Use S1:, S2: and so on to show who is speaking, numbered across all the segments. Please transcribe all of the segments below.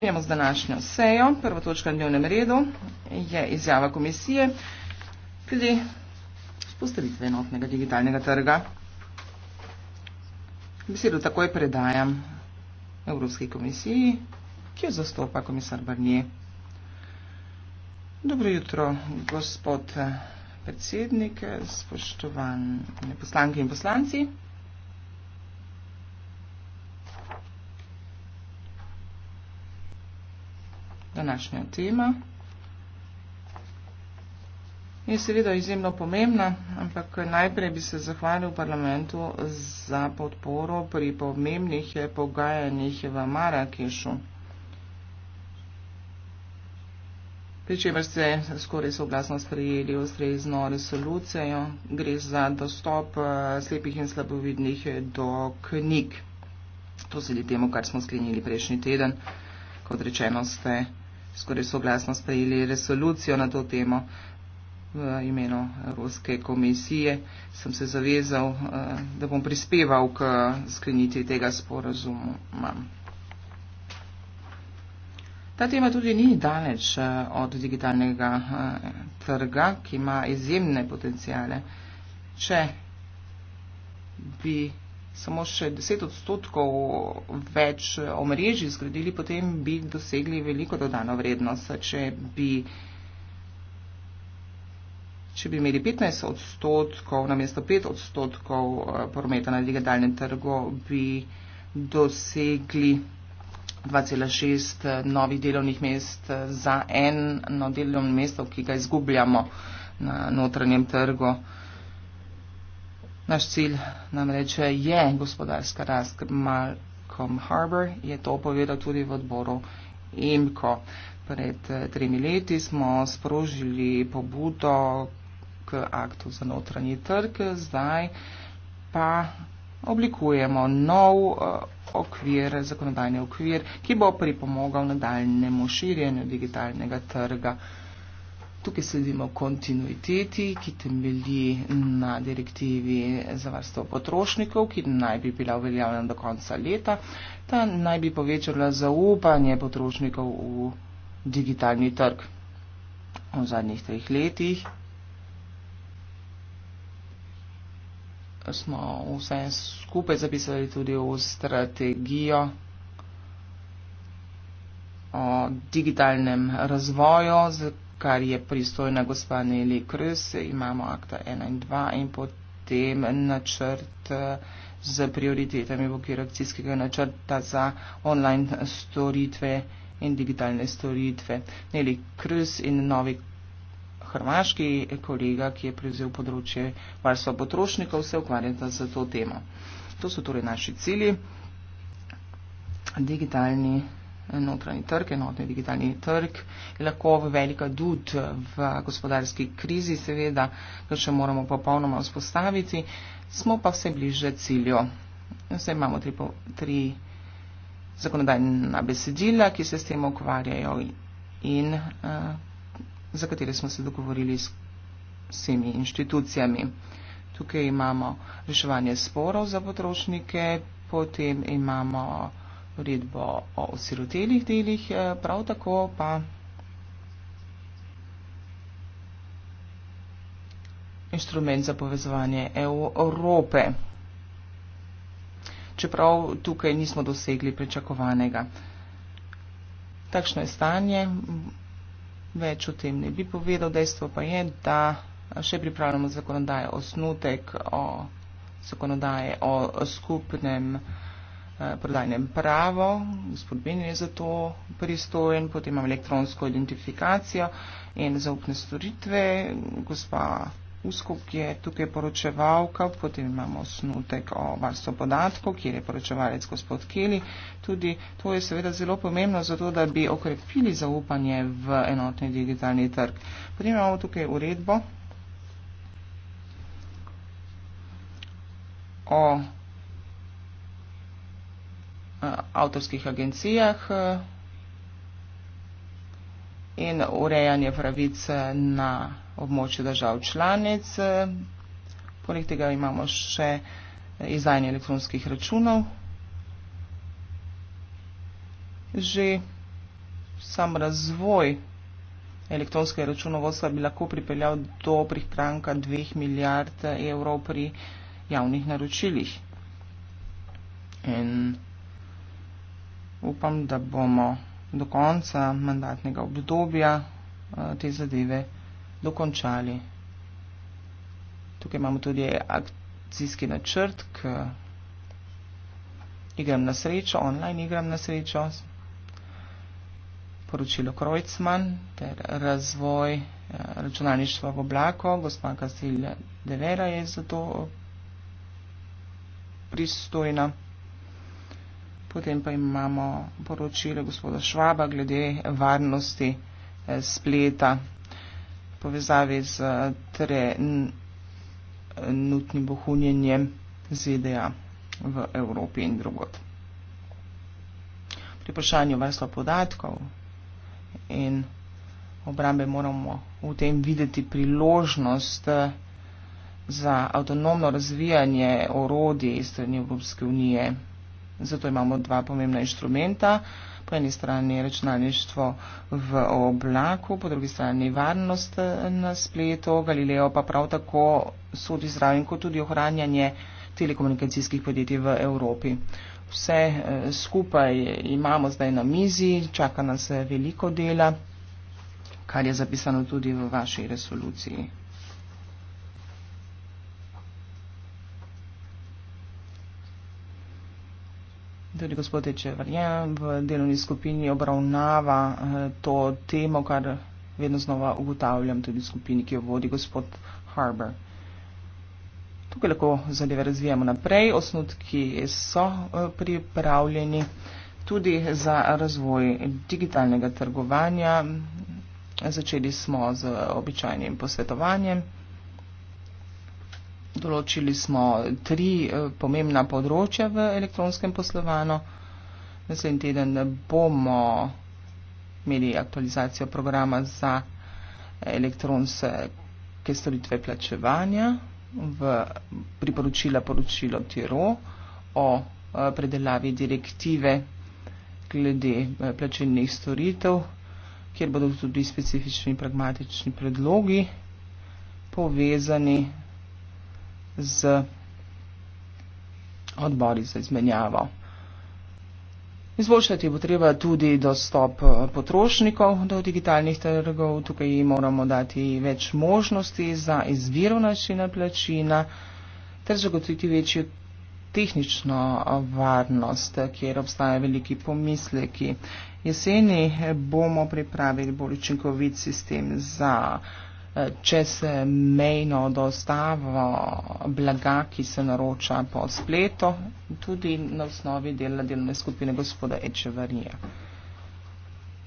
S1: Začenjamo z današnjo sejo. Prva točka na dnevnem redu je izjava komisije glede spostavitve enotnega digitalnega trga. Besedo takoj predajam Evropski komisiji, ki jo zastopa komisar Barnier. Dobro jutro, gospod eh, predsednik, eh, spoštovane poslanke in poslanci. današnja tema. Je seveda izjemno pomembna, ampak najprej bi se zahvalil parlamentu za podporo pri pomembnih pogajanjih v Marakešu. Pričemer ste skoraj soglasno sprejeli ustrezno resolucijo, gre za dostop eh, slepih in slabovidnih do knjig. To sledi temu, kar smo sklenili prejšnji teden. Kot rečeno, ste skoraj soglasno sprejeli resolucijo na to temo v imenu Evropske komisije, sem se zavezal, eh, da bom prispeval k sklenitvi tega sporazumu. Ta tema tudi ni daleč eh, od digitalnega eh, trga, ki ima izjemne potencijale. Če bi samo še 10 odstotkov več omrežij zgradili, potem bi dosegli veliko dodano vrednost. Če bi, če bi imeli 15 odstotkov namesto 5 odstotkov eh, prometa na digitalnem trgu, bi dosegli 2,6 eh, novih delovnih mest eh, za eno delovno mesto, ki ga izgubljamo na notranjem trgu. Naš cilj namreč je gospodarska rast. Malcolm Harbour je to povedal tudi v odboru IMCO. Pred eh, tremi leti smo sprožili pobudo k aktu za notranji trg, zdaj pa oblikujemo nov eh, okvir, zakonodajni okvir, ki bo pripomogal nadaljnemu širjenju digitalnega trga. Tukaj sledimo kontinuiteti, ki temelji na direktivi za varstvo potrošnikov, ki naj bi bila uveljavljena do konca leta. Ta naj bi povečala zaupanje potrošnikov v digitalni trg v zadnjih treh letih. Smo vse skupaj zapisali tudi v strategijo o digitalnem razvoju, kar je pristojna gospa Neli Krs, imamo akta 1 in 2 in potem načrt z eh, prioritetami v okviru akcijskega načrta za online storitve in digitalne storitve. Neli Krs in novi hrvaški kolega, ki je prevzel področje varstva potrošnikov, se ukvarjata za to temo. To so torej naši cilji. Digitalni notranji trg, enotni digitalni trg, je lahko velika dud v gospodarski krizi, seveda, ki še moramo popolnoma vzpostaviti, smo pa vse bliže cilju. Vse imamo tri, tri zakonodajna besedila, ki se s tem ukvarjajo in uh, za katere smo se dogovorili s vsemi inštitucijami. Tukaj imamo reševanje sporov za potrošnike, potem imamo uredbo o osirotelih delih, eh, prav tako pa inštrument za povezovanje Evrope. Čeprav tukaj nismo dosegli pričakovanega. Takšno je stanje, več o tem ne bi povedal, dejstvo pa je, da še pripravljamo zakonodajo osnutek o zakonodaje o skupnem prodajnem pravo, gospod Benin je za to pristojen, potem imam elektronsko identifikacijo in zaupne storitve, gospa Uskup je tukaj poročevalka, potem imamo snutek o varstvo podatkov, kjer je poročevalec gospod Keli. Tudi to je seveda zelo pomembno za to, da bi okrepili zaupanje v enotni digitalni trg. Potem imamo tukaj uredbo o Eh, avtorskih agencijah eh, in urejanje pravic eh, na območju držav članic. Poleg tega imamo še izdajanje elektronskih računov. Že sam razvoj elektronskega računovodstva bi lahko pripeljal do prihranka 2 milijard evrov pri javnih naročilih. And upam, da bomo do konca mandatnega obdobja eh, te zadeve dokončali. Tukaj imamo tudi akcijski načrt k eh, igram na srečo, online igram na srečo, poročilo Krojcman ter razvoj eh, računalništva v oblako. Gospa Kasilja Devera je za to pristojna. Potem pa imamo poročilo gospoda Švaba glede varnosti eh, spleta povezavi z eh, trenutnim bohunjenjem ZDA v Evropi in drugod. Pri vprašanju varstva podatkov in obrambe moramo v tem videti priložnost eh, za avtonomno razvijanje orodij strani Evropske unije. Zato imamo dva pomembna inštrumenta. Po eni strani računalništvo v oblaku, po drugi strani varnost eh, na spletu. Galileo pa prav tako sodi zraven kot tudi ohranjanje telekomunikacijskih podjetij v Evropi. Vse eh, skupaj imamo zdaj na mizi, čaka nas eh, veliko dela, kar je zapisano tudi v vaši resoluciji. Tudi gospod Čevrjen v delovni skupini obravnava eh, to temo, kar vedno znova ugotavljam tudi v skupini, ki jo vodi gospod Harbour. Tukaj lahko zadeve razvijamo naprej, osnutki so eh, pripravljeni tudi za razvoj digitalnega trgovanja. Začeli smo z običajnim posvetovanjem. Določili smo tri eh, pomembna področja v elektronskem poslovanju. Naslednji teden bomo imeli aktualizacijo programa za elektronske storitve plačevanja v priporočila poročilo Tiro o eh, predelavi direktive glede eh, plačilnih storitev, kjer bodo tudi specifični pragmatični predlogi povezani z odbori za izmenjavo. Izboljšati bo treba tudi dostop eh, potrošnikov do digitalnih trgov. Tukaj jim moramo dati več možnosti za izbiro načina plačina ter zagotoviti večjo tehnično eh, varnost, kjer obstajajo veliki pomisleki. Jeseni eh, bomo pripravili bolj učinkovit sistem za čezmejno dostavo blaga, ki se naroča po spletu, tudi na osnovi dela delovne skupine gospoda Ečevarnija.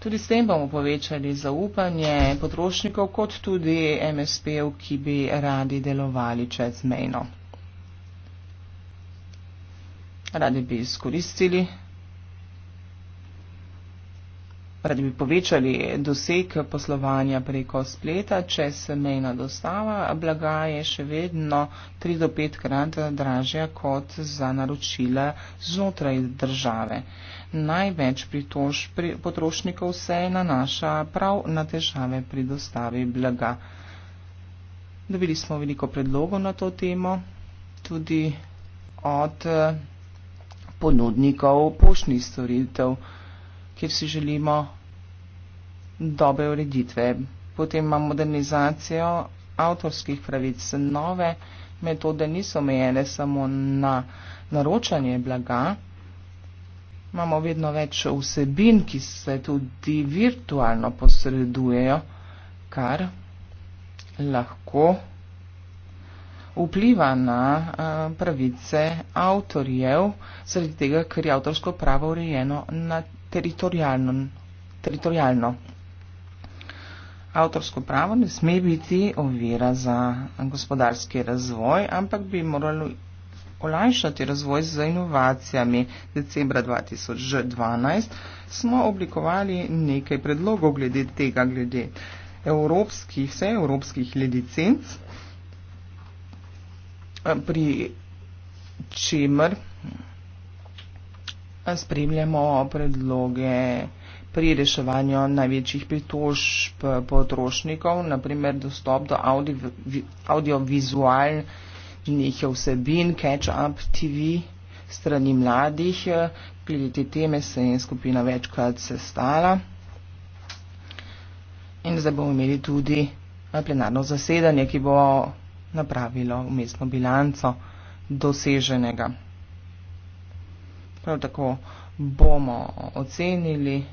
S1: Tudi s tem bomo povečali zaupanje potrošnikov, kot tudi MSP-ev, ki bi radi delovali čezmejno. Radi bi izkoristili radi bi povečali doseg poslovanja preko spleta, če se mejna dostava blaga je še vedno 3 do 5 krat dražja kot za naročila znotraj države. Največ pritož pri potrošnikov se nanaša prav na težave pri dostavi blaga. Dobili smo veliko predlogov na to temo, tudi od eh, ponudnikov poštnih storitev kjer si želimo dobre ureditve. Potem imamo modernizacijo avtorskih pravic. Nove metode niso omejene samo na naročanje blaga. Imamo vedno več vsebin, ki se tudi virtualno posredujejo, kar lahko vpliva na eh, pravice avtorjev, zaradi tega, ker je avtorsko pravo urejeno na teritorialno. teritorialno. Avtorsko pravo ne sme biti ovira za gospodarski razvoj, ampak bi moralo olajšati razvoj z inovacijami. Decembra 2012 smo oblikovali nekaj predlogov glede tega, glede evropskih, vse evropskih licenc, pri čemer spremljamo predloge pri reševanju največjih pritožb potrošnikov, naprimer dostop do audiovizualnih audio vsebin, catch-up TV strani mladih. Glede te teme se je skupina večkrat sestala. In zdaj bomo imeli tudi plenarno zasedanje, ki bo napravilo umestno bilanco doseženega. Prav tako bomo ocenili,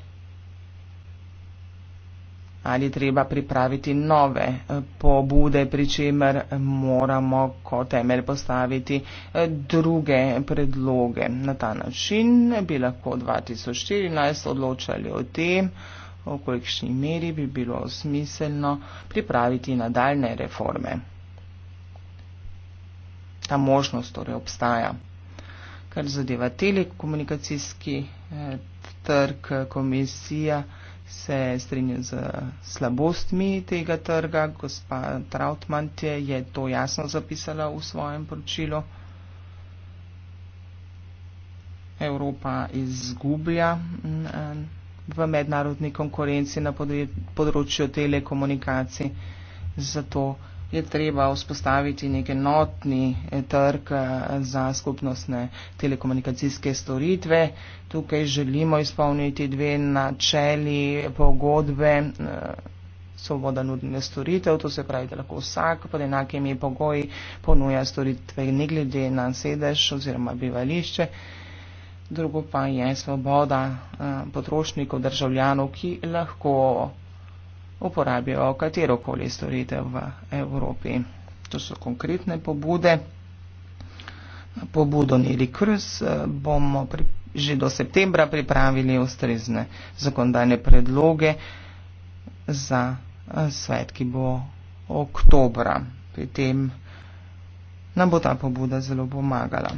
S1: ali treba pripraviti nove eh, pobude, pri čemer moramo kot temelj postaviti eh, druge predloge. Na ta način bi lahko 2014 odločali o tem, v kolikšni meri bi bilo smiselno pripraviti nadaljne reforme. Ta možnost torej obstaja kar zadeva telekomunikacijski eh, trg, komisija se strinja z slabostmi tega trga. Gospa Trautmant je to jasno zapisala v svojem poročilu. Evropa izgublja mm, eh, v mednarodni konkurenci na področju telekomunikacij, zato je treba vzpostaviti nek enotni eh, trg eh, za skupnostne telekomunikacijske storitve. Tukaj želimo izpolniti dve načeli pogodbe eh, svoboda nudne storitev, to se pravi, da lahko vsak pod enakimi pogoji ponuja storitve, ne glede na sedež oziroma bivališče. Drugo pa je svoboda potrošnikov, državljanov, ki lahko uporabijo katerokoli storitev v Evropi. To so konkretne pobude. Pobudo Neli Krus eh, bomo pri, že do septembra pripravili ustrezne zakonodajne predloge za eh, svet, ki bo oktobra. Pri tem nam bo ta pobuda zelo pomagala.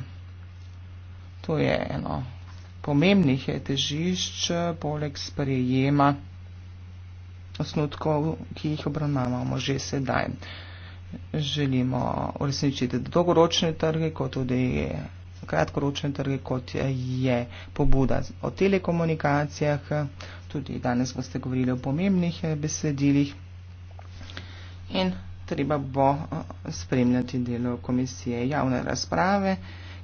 S1: To je eno pomembnih eh, težišč poleg sprejema osnutkov, ki jih obravnavamo že sedaj. Želimo uresničiti dolgoročne trge, kot tudi kratkoročne trge, kot je pobuda o telekomunikacijah. Tudi danes boste govorili o pomembnih besedilih in treba bo eh, spremljati delo komisije javne razprave,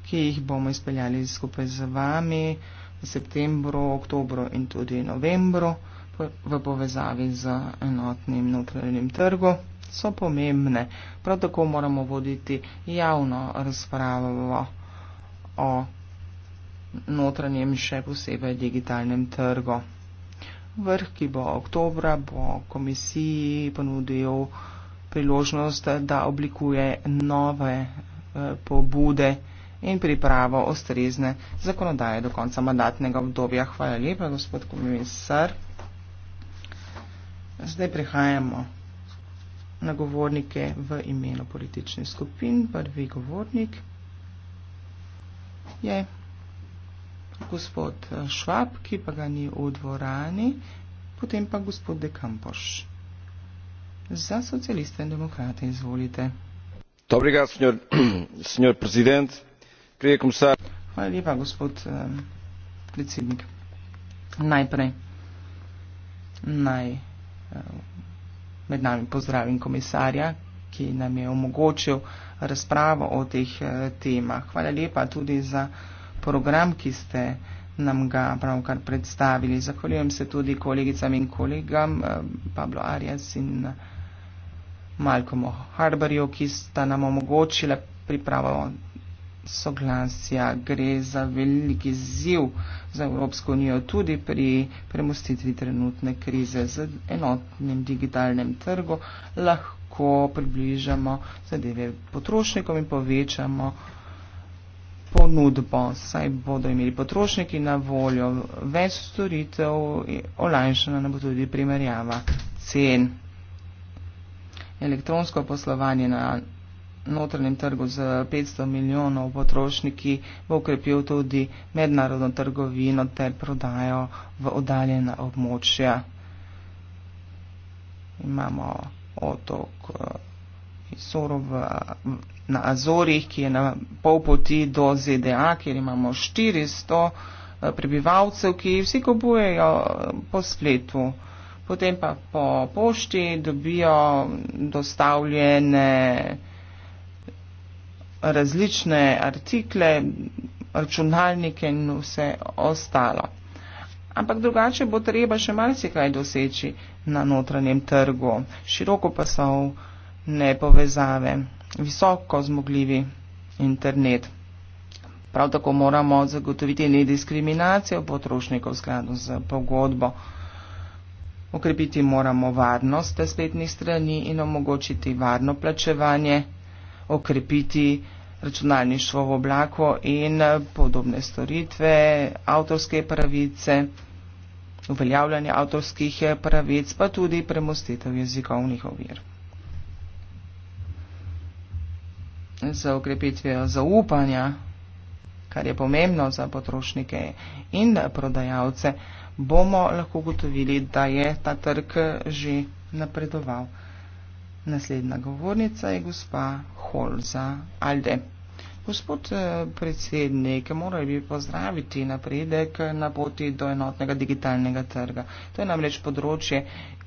S1: ki jih bomo izpeljali skupaj z vami v septembru, oktobru in tudi novembru v povezavi z enotnim notranjim trgom so pomembne. Prav tako moramo voditi javno razpravo o notranjem, še posebej digitalnem trgu. Vrh, ki bo oktobra, bo komisiji ponudil priložnost, da oblikuje nove eh, pobude in pripravo ostrezne zakonodaje do konca mandatnega obdobja. Hvala lepa, gospod komisar. Zdaj prihajamo na govornike v imenu političnih skupin. Prvi govornik je gospod eh, Švab, ki pa ga ni v dvorani, potem pa gospod De Kampoš. Za socialiste in demokrate izvolite. Dobrega, senjor, senjor prezident, krije komisar. Hvala lepa, gospod eh, predsednik. Najprej naj med nami pozdravim komisarja, ki nam je omogočil razpravo o teh eh, temah. Hvala lepa tudi za program, ki ste nam ga pravkar predstavili. Zahvaljujem se tudi kolegicam in kolegam eh, Pablo Arias in Malcolmu Harbarju, ki sta nam omogočila pripravo soglasja. Gre za veliki ziv za Evropsko unijo tudi pri premustitvi trenutne krize z enotnim digitalnem trgu. Lahko približamo zadeve potrošnikom in povečamo ponudbo, saj bodo imeli potrošniki na voljo več storitev, olajšana nam bo tudi primerjava cen. Elektronsko poslovanje na notranjem trgu z 500 milijonov potrošniki, bo ukrepil tudi mednarodno trgovino ter prodajo v oddaljena območja. Imamo otok Isoro eh, v, eh, na Azorih, ki je na pol poti do ZDA, kjer imamo 400 eh, prebivalcev, ki vsi kupujejo po spletu. Potem pa po pošti dobijo dostavljene različne artikle, računalnike in vse ostalo. Ampak drugače bo treba še marsikaj doseči na notranjem trgu. Široko pa so ne povezave, visoko zmogljivi internet. Prav tako moramo zagotoviti ne diskriminacijo potrošnikov v skladu z pogodbo. Okrepiti moramo varnost spletnih strani in omogočiti varno plačevanje okrepiti računalništvo v oblaku in eh, podobne storitve, avtorske pravice, uveljavljanje avtorskih eh, pravic, pa tudi premostitev jezikovnih ovir. Za okrepitvijo zaupanja, kar je pomembno za potrošnike in prodajalce, bomo lahko gotovili, da je ta trg eh, že napredoval. Naslednja govornica je gospa Holza Alde. Gospod eh, predsednik, morali bi pozdraviti napredek na poti do enotnega digitalnega trga. To je namreč področje,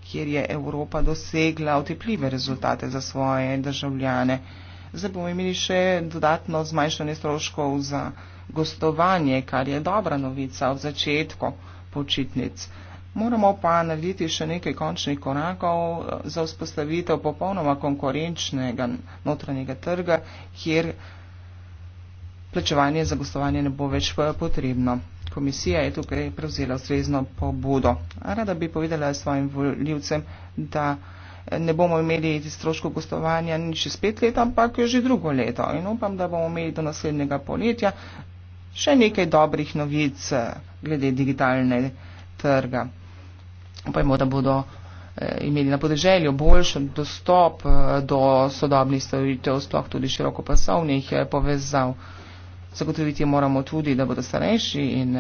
S1: kjer je Evropa dosegla otepljive rezultate za svoje državljane. Zdaj bomo imeli še dodatno zmanjšanje stroškov za gostovanje, kar je dobra novica od začetku počitnic moramo pa narediti še nekaj končnih korakov eh, za vzpostavitev popolnoma konkurenčnega notranjega trga, kjer plačevanje za gostovanje ne bo več eh, potrebno. Komisija je tukaj prevzela ustrezno pobudo. Rada bi povedala svojim voljivcem, da eh, ne bomo imeli stroško gostovanja ni čez pet let, ampak že drugo leto. In upam, da bomo imeli do naslednjega poletja še nekaj dobrih novic glede digitalne trga upajmo, da bodo eh, imeli na podeželju boljši dostop eh, do sodobnih storitev, sploh tudi širokopasovnih eh, povezav. Zagotoviti moramo tudi, da bodo starejši in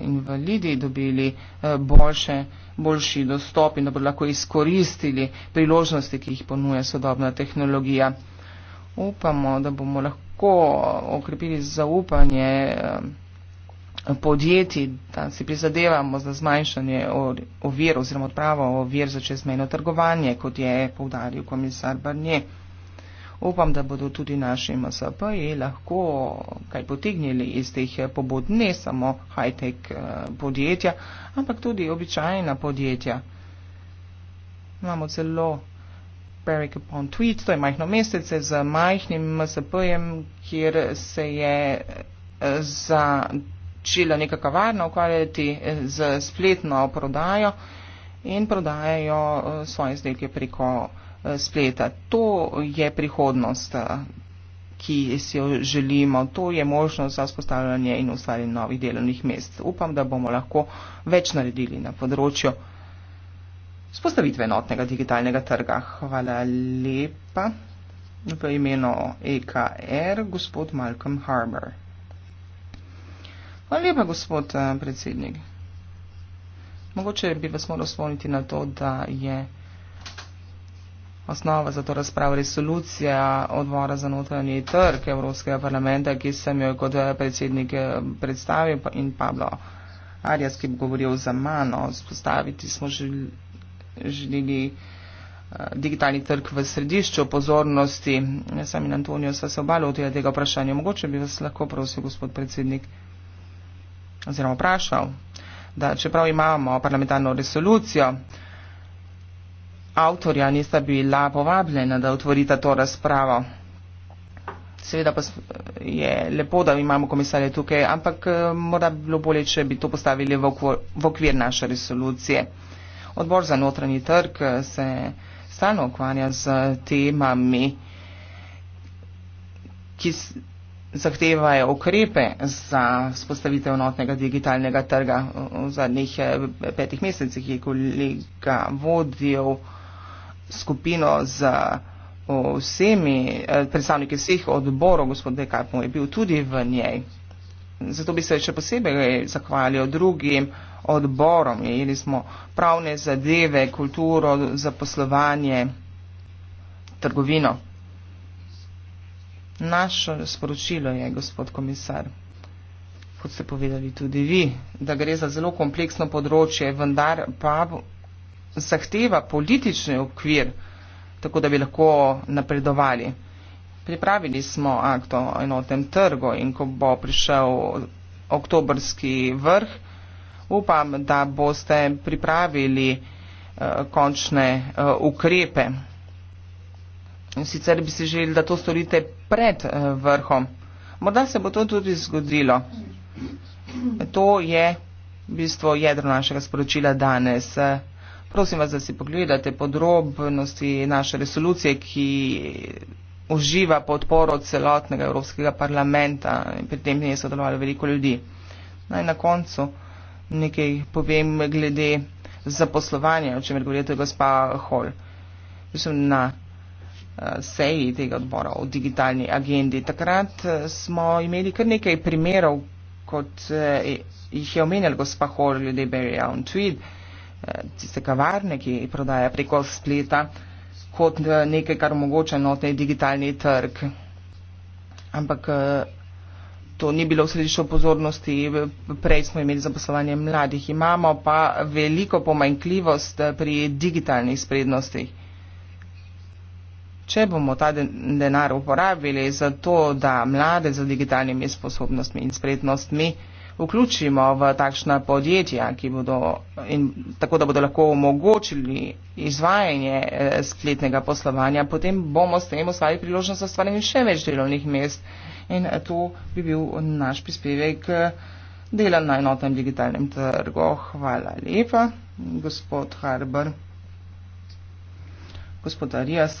S1: invalidi dobili boljše, boljši dostop in da bodo lahko izkoristili priložnosti, ki jih ponuja sodobna tehnologija. Upamo, da bomo lahko okrepili zaupanje podjetij, da si prizadevamo za zmanjšanje ovir oziroma odpravo ovir za čezmejno trgovanje, kot je povdaril komisar Barnje. Upam, da bodo tudi naši MSP-ji lahko kaj potegnili iz teh pobud, ne samo high-tech eh, podjetja, ampak tudi običajna podjetja. Imamo celo Barrick upon Tweet, to je majhno mesece z majhnim MSP-jem, kjer se je eh, za začela neka kavarna ukvarjati eh, z spletno prodajo in prodajajo eh, svoje izdelke preko eh, spleta. To je prihodnost, ki si jo želimo. To je možnost za spostavljanje in ustvarjanje novih delovnih mest. Upam, da bomo lahko več naredili na področju spostavitve enotnega digitalnega trga. Hvala lepa. V imenu EKR gospod Malcolm Harbour. Hvala lepa, gospod eh, predsednik. Mogoče bi vas moral spomniti na to, da je osnova za to razpravo resolucija odbora za notranji trg Evropskega parlamenta, ki sem jo kot eh, predsednik eh, predstavil in Pablo Arias, ki bi govoril za mano, spostaviti smo želeli digitalni trg v središču pozornosti. Sam in Antonijo sva se obalo od tega vprašanja. Mogoče bi vas lahko prosil, gospod predsednik, oziroma vprašal, da čeprav imamo parlamentarno resolucijo, avtorja nista bila povabljena, da otvorita to razpravo. Seveda pa je lepo, da imamo komisarje tukaj, ampak eh, morda bi bilo bolje, če bi to postavili v okvir naše resolucije. Odbor za notranji trg eh, se stalno ukvarja z temami, ki zahtevajo ukrepe za spostavitev notnega digitalnega trga. V zadnjih eh, petih mesecih je kolega vodil skupino z eh, vsemi eh, predstavniki vseh odborov, gospod Dekapo je bil tudi v njej. Zato bi se še posebej zahvalil drugim odborom. Imeli smo pravne zadeve, kulturo, zaposlovanje, trgovino. Naše sporočilo je, gospod komisar, kot ste povedali tudi vi, da gre za zelo kompleksno področje, vendar pa zahteva politični okvir, tako da bi lahko napredovali. Pripravili smo akt o enotnem trgu in ko bo prišel oktobrski vrh, upam, da boste pripravili uh, končne uh, ukrepe. Sicer bi si želeli, da to storite pred eh, vrhom. Morda se bo to tudi zgodilo. To je v bistvu jedro našega sporočila danes. Prosim vas, da si pogledate podrobnosti naše resolucije, ki uživa podporo celotnega Evropskega parlamenta in pri tem je sodelovalo veliko ljudi. Naj na koncu nekaj povem glede zaposlovanja, o čemer govorite, gospa Hol. Mislim, na seji tega odbora o digitalni agendi. Takrat eh, smo imeli kar nekaj primerov, kot eh, jih je omenjal gospa Hor, ljudje berijo on tweet, eh, tiste kavarne, ki jih prodaja preko spleta, kot nekaj, kar omogoča notni digitalni trg. Ampak to ni bilo v središču pozornosti, prej smo imeli zaposlovanje mladih, imamo pa veliko pomanjkljivost pri digitalnih sprednostih. Če bomo ta denar uporabili za to, da mlade z digitalnimi sposobnostmi in spretnostmi vključimo v takšna podjetja, bodo, in, tako da bodo lahko omogočili izvajanje eh, spletnega poslovanja, potem bomo s tem ustvarili priložnost za stvarjanje še več delovnih mest. In eh, to bi bil naš prispevek eh, dela na enotnem digitalnem trgu. Hvala lepa, gospod Harbor. Gospod Arias.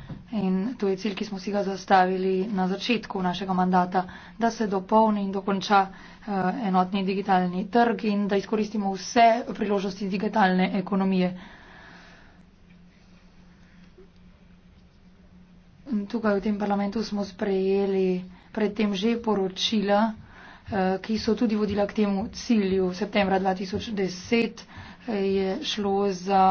S2: In to je cilj, ki smo si ga zastavili na začetku našega mandata, da se dopolni in dokonča eh, enotni digitalni trg in da izkoristimo vse priložnosti digitalne ekonomije. Tukaj v tem parlamentu smo sprejeli predtem že poročila, eh, ki so tudi vodila k temu cilju. Septembra 2010 eh, je šlo za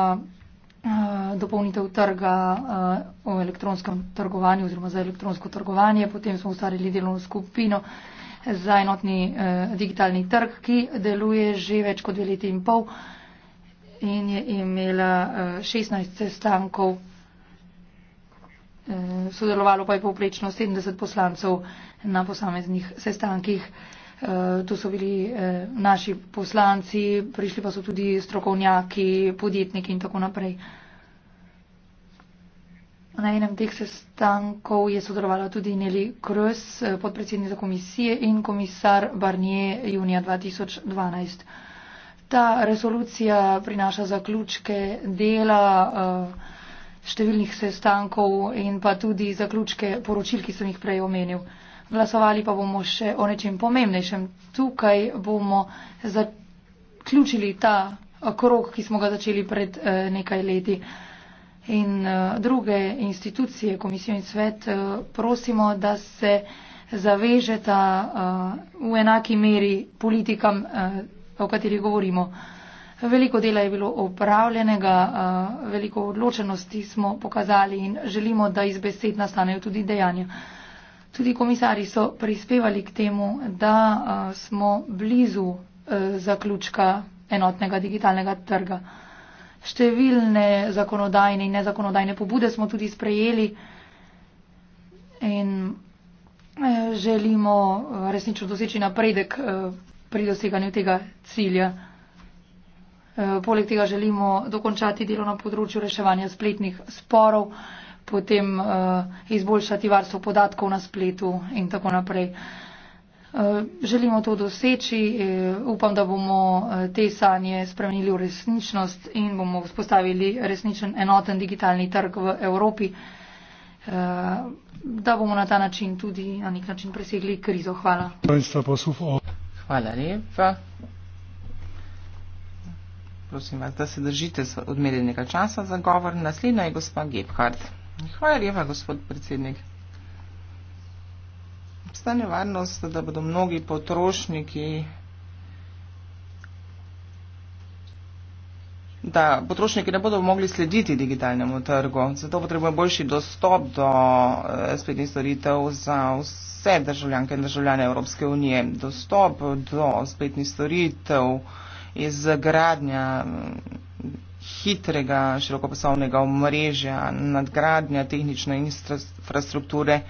S2: Eh, dopolnitev trga eh, o elektronskem trgovanju oziroma za elektronsko trgovanje. Potem smo ustvarili delovno skupino za enotni eh, digitalni trg, ki deluje že več kot dve leti in pol in je imela 16 sestankov. Sodelovalo pa je povprečno 70 poslancev na posameznih sestankih. Eh, to so bili eh, naši poslanci, prišli pa so tudi strokovnjaki, podjetniki in tako naprej. Na enem teh sestankov je sodelovala tudi Neli Kröz, eh, podpredsednica komisije in komisar Barnier junija 2012. Ta resolucija prinaša zaključke dela številnih sestankov in pa tudi zaključke poročil, ki sem jih prej omenil glasovali pa bomo še o nečem pomembnejšem. Tukaj bomo zaključili ta eh, krok, ki smo ga začeli pred eh, nekaj leti. In eh, druge institucije, komisijo in svet, prosimo, da se zavežeta v enaki meri politikam, o katerih govorimo. Veliko dela je bilo opravljenega, veliko odločenosti smo pokazali in želimo, da iz besed nastanejo tudi dejanja. Tudi komisari so prispevali k temu, da smo blizu e, zaključka enotnega digitalnega trga. Številne zakonodajne in nezakonodajne pobude smo tudi sprejeli in e, želimo e, resnično doseči napredek pri doseganju tega cilja. Poleg tega želimo dokončati delo na področju reševanja spletnih sporov potem uh, izboljšati varstvo podatkov na spletu in tako naprej. Eh, želimo to doseči, eh, upam, da bomo te sanje spremenili v resničnost in bomo vzpostavili resničen enoten digitalni trg v Evropi, da bomo na ta način tudi na nek način presegli krizo. Hvala.
S1: Hvala lepa. Prosim vas, da se držite odmerjenega časa za govor. Naslednja je gospa Gebhardt. Hvala lepa, gospod predsednik. Obstane varnost, da bodo mnogi potrošniki, da potrošniki ne bodo mogli slediti digitalnemu trgu. Zato potrebujemo boljši dostop do eh, spletnih storitev za vse državljanke in državljane Evropske unije. Dostop do spletnih storitev iz gradnja hitrega širokopasovnega omrežja, nadgradnja tehnične infrastrukture.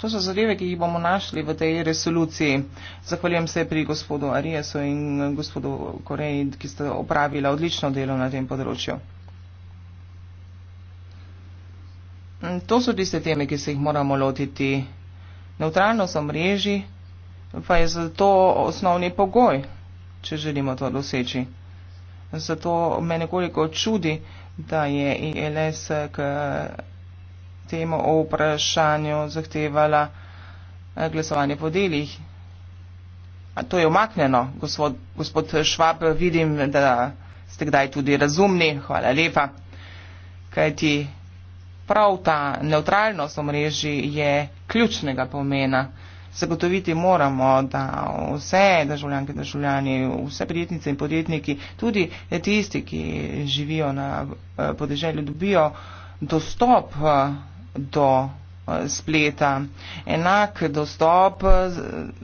S1: To so zadeve, ki jih bomo našli v tej resoluciji. Zahvaljujem se pri gospodu Ariasu in gospodu Koreji, ki ste opravila odlično delo na tem področju. To so tiste teme, ki se jih moramo lotiti. Neutralnost omrežji pa je zato osnovni pogoj, če želimo to doseči. Zato me nekoliko čudi, da je ILS k temu vprašanju zahtevala eh, glasovanje po delih. A to je omaknjeno, gospod, gospod Švab, vidim, da ste kdaj tudi razumni, hvala lepa. Kajti prav ta neutralnost omrežji je ključnega pomena zagotoviti moramo, da vse državljanke, državljani, vse prijetnice in podjetniki, tudi tisti, ki živijo na eh, podeželju, dobijo dostop eh, do eh, spleta, enak dostop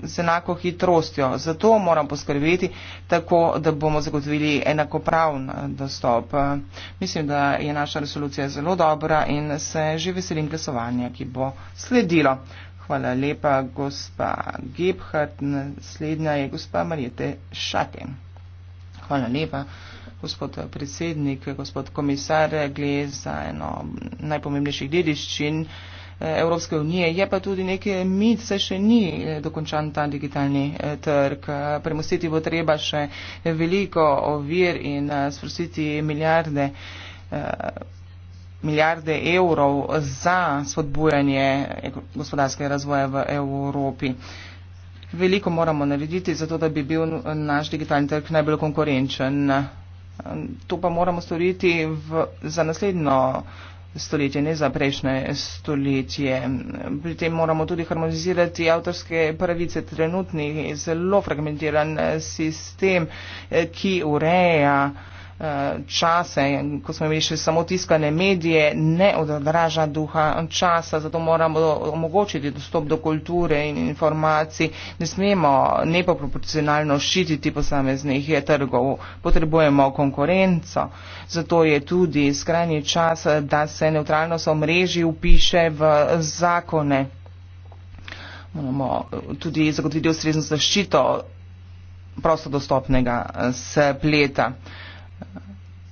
S1: z enako hitrostjo. Zato moram poskrbeti tako, da bomo zagotovili enakopravn dostop. Mislim, da je naša resolucija zelo dobra in se že veselim glasovanja, ki bo sledilo. Hvala lepa, gospa Gebhardt. Naslednja je gospa Marjete Šate. Hvala lepa, gospod predsednik, gospod komisar. Gre za eno najpomembnejših dediščin eh, Evropske unije. Je pa tudi nekaj mit, se še ni eh, dokončan ta digitalni eh, trg. Premustiti bo treba še veliko ovir in sprostiti milijarde milijarde evrov za spodbujanje gospodarskega razvoja v Evropi. Veliko moramo narediti, zato da bi bil naš digitalni trg najbolj konkurenčen. To pa moramo storiti v, za naslednjo stoletje, ne za prejšnje stoletje. Pri tem moramo tudi harmonizirati avtorske pravice trenutnih, zelo fragmentiran sistem, ki ureja Eh, čase, ko smo imeli še samo tiskane medije, ne odraža duha časa, zato moramo omogočiti dostop do kulture in informacij. Ne smemo nepoproporcionalno ščititi posameznih trgov, potrebujemo konkurenco. Zato je tudi skrajni čas, da se neutralnost omrežji upiše v zakone. Moramo eh, tudi zagotoviti ustrezno zaščito prosto dostopnega eh, spleta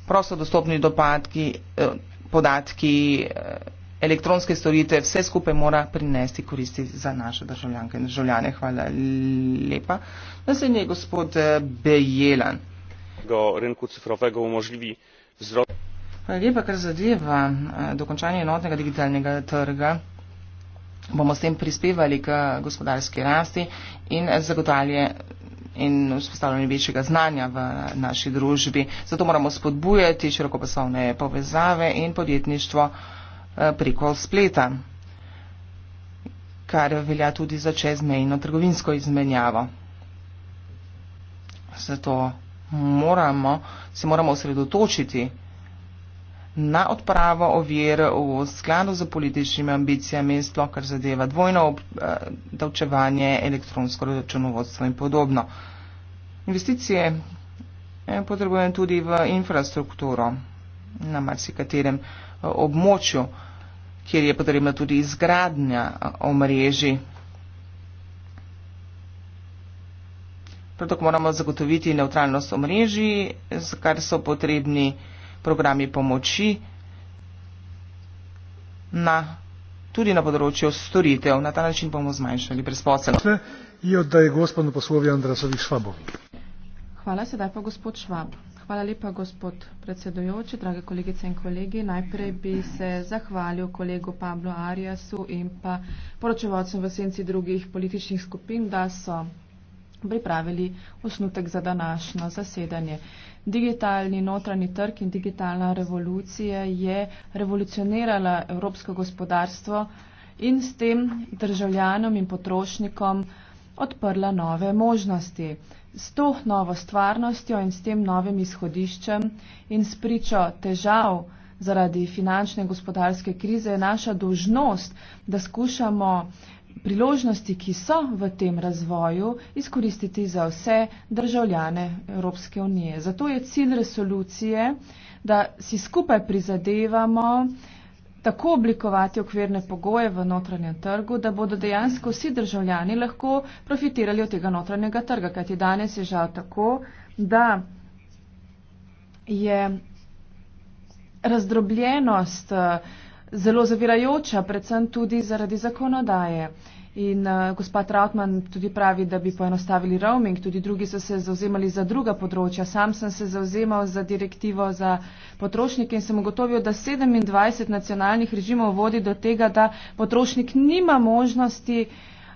S1: prosto dostopni dopadki, eh, podatki, eh, elektronske storitve, vse skupaj mora prinesti koristi za naše državljanke in državljane. Hvala lepa. Naslednji je gospod eh, Bejelan. Hvala lepa, kar zadeva dokončanje enotnega digitalnega trga. Bomo s tem prispevali k gospodarski rasti in zagotavljanje in vzpostavljanje večjega znanja v naši družbi. Zato moramo spodbujati širokopasovne povezave in podjetništvo eh, preko spleta, kar velja tudi za čezmejno trgovinsko izmenjavo. Zato moramo, se moramo osredotočiti na odpravo ovir v skladu z političnimi ambicijami, sploh kar zadeva dvojno eh, davčevanje, elektronsko računovodstvo in podobno. Investicije eh, potrebujem tudi v infrastrukturo na marsikaterem eh, območju, kjer je potrebna tudi izgradnja omrežji. Prav tako moramo zagotoviti neutralnost omrežji, za kar so potrebni programi pomoči na, tudi na področju storitev. Na ta način bomo zmanjšali brezposelnost.
S3: Hvala, sedaj pa gospod Švab. Hvala lepa, gospod predsedujoči, drage kolegice in kolegi. Najprej bi se zahvalil kolegu Pablo Ariasu in pa poročevalcem v senci drugih političnih skupin, da so pripravili osnutek za današnjo zasedanje digitalni notranji trg in digitalna revolucija je revolucionirala evropsko gospodarstvo in s tem državljanom in potrošnikom odprla nove možnosti. S to novo stvarnostjo in s tem novim izhodiščem in s pričo težav zaradi finančne in gospodarske krize je naša dožnost, da skušamo priložnosti, ki so v tem razvoju, izkoristiti za vse državljane Evropske unije. Zato je cilj resolucije, da si skupaj prizadevamo tako oblikovati okvirne pogoje v notranjem trgu, da bodo dejansko vsi državljani lahko profitirali od tega notranjega trga, kajti danes je žal tako, da je razdrobljenost uh, zelo zavirajoča, predvsem tudi zaradi zakonodaje. In uh, eh, gospod Rautman tudi pravi, da bi poenostavili roaming, tudi drugi so se zauzemali za druga področja. Sam sem se zauzemal za direktivo za potrošnike in sem ugotovil, da 27 nacionalnih režimov vodi do tega, da potrošnik nima možnosti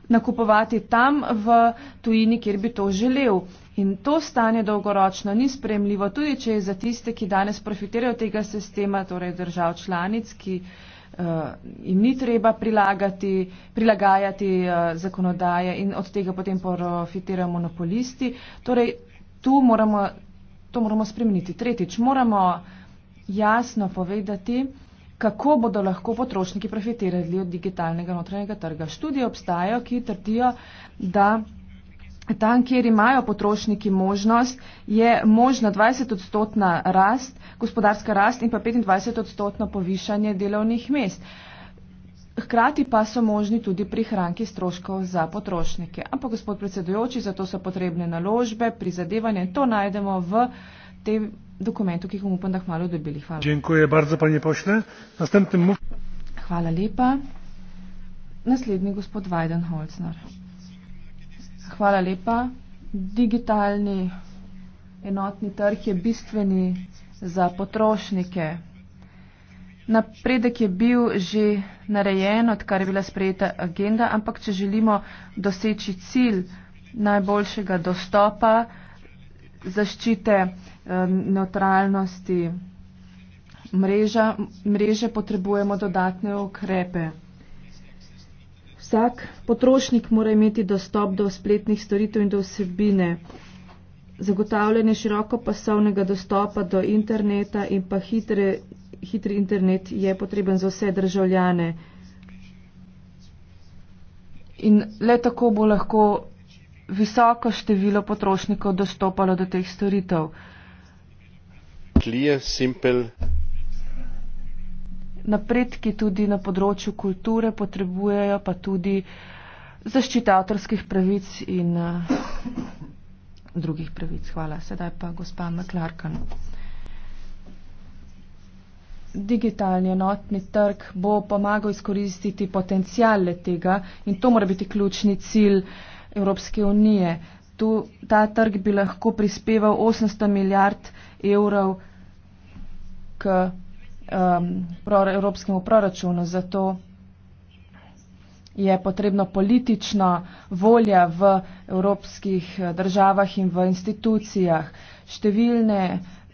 S3: nakupovati tam v tujini, kjer bi to želel. In to stanje dolgoročno ni spremljivo, tudi če je za tiste, ki danes profitirajo tega sistema, torej držav članic, ki. Uh, uh, jim ni treba prilagati, prilagajati uh, zakonodaje in od tega potem profitirajo monopolisti. Torej, tu moramo, to moramo spremeniti. Tretjič, moramo jasno povedati, kako bodo lahko potrošniki profitirali od digitalnega notranjega trga. Študije obstajajo, ki trdijo, da tam, kjer imajo potrošniki možnost, je možna 20-odstotna rast gospodarska rast in pa 25 odstotno povišanje delovnih mest. Hkrati pa so možni tudi prihranki stroškov za potrošnike. Ampak, gospod predsedujoči, za to so potrebne naložbe, prizadevanje in to najdemo v tem dokumentu, ki ga upam, da hmalo dobili. Hvala.
S2: Dziękuję bardzo, panie pošle. Następnym...
S3: Hvala lepa. Naslednji gospod Vajden Holcner. Hvala lepa. Digitalni enotni trg je bistveni za potrošnike. Napredek je bil že narejen, odkar je bila sprejeta agenda, ampak če želimo doseči cilj najboljšega dostopa, zaščite eh, neutralnosti mreža, mreže, potrebujemo dodatne ukrepe. Vsak potrošnik mora imeti dostop do spletnih storitev in do vsebine zagotavljanje širokopasovnega dostopa do interneta in pa hitre, hitri internet je potreben za vse državljane. In le tako bo lahko visoko število potrošnikov dostopalo do teh storitev.
S4: Clear, simple.
S3: Napredki tudi na področju kulture potrebujejo pa tudi zaščitavtorskih pravic in uh, drugih pravic. Hvala. Sedaj pa gospa McLarkin. Digitalni enotni trg bo pomagal izkoristiti potencijale tega in to mora biti ključni cilj Evropske unije. Tu, ta trg bi lahko prispeval 800 milijard evrov k um, pror, evropskemu proračunu. Zato je potrebno politična volja v evropskih eh, državah in v institucijah. Številne,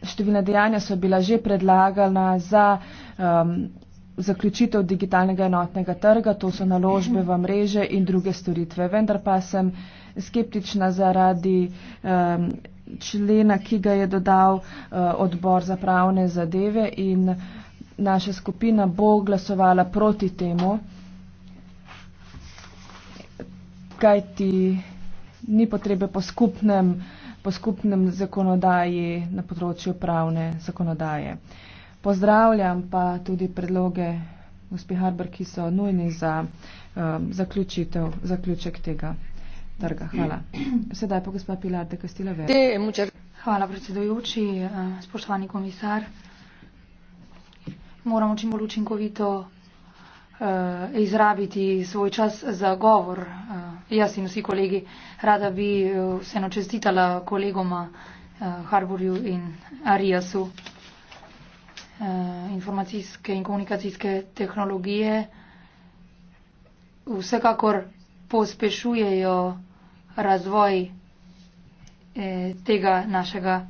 S3: številne dejanja so bila že predlagana za um, zaključitev digitalnega enotnega trga, to so naložbe v mreže in druge storitve. Vendar pa sem skeptična zaradi um, člena, ki ga je dodal uh, odbor za pravne zadeve in naša skupina bo glasovala proti temu. kaj ti ni potrebe po skupnem, po skupnem zakonodaji na področju pravne zakonodaje. Pozdravljam pa tudi predloge gospe Harbr, ki so nujni za um, zaključitev, zaključek tega trga. Hvala. Sedaj pa gospa Pilar de Castilla
S2: Verde. Hvala, predsedujoči, eh, spoštovani komisar. Moramo čim bolj učinkovito uh, izrabiti svoj čas za govor. Uh, jaz in vsi kolegi, rada bi eh, vseeno čestitala kolegoma uh, Harborju in Ariasu. Eh, informacijske in komunikacijske tehnologije vsekakor pospešujejo razvoj tega našega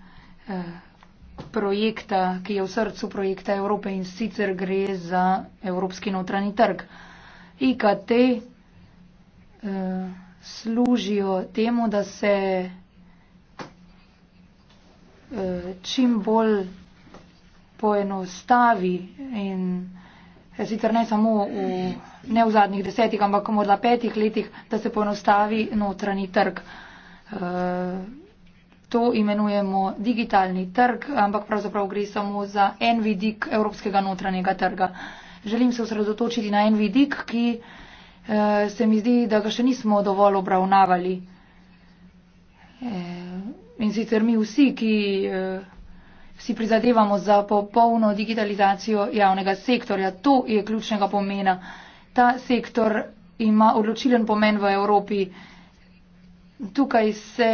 S2: projekta, ki je v srcu projekta Evrope in sicer gre za Evropski notranji trg. IKT služijo temu, da se eh, čim bolj poenostavi in eh, sicer ne samo v, ne v zadnjih desetih, ampak morda petih letih, da se poenostavi notranji trg. Eh, to imenujemo digitalni trg, ampak pravzaprav gre samo za en vidik evropskega notranjega trga. Želim se osredotočiti na en vidik, ki Eh, se mi zdi, da ga še nismo dovolj obravnavali. Eh, in sicer mi vsi, ki eh, si prizadevamo za popolno digitalizacijo javnega sektorja, to je ključnega pomena. Ta sektor ima odločilen pomen v Evropi. Tukaj se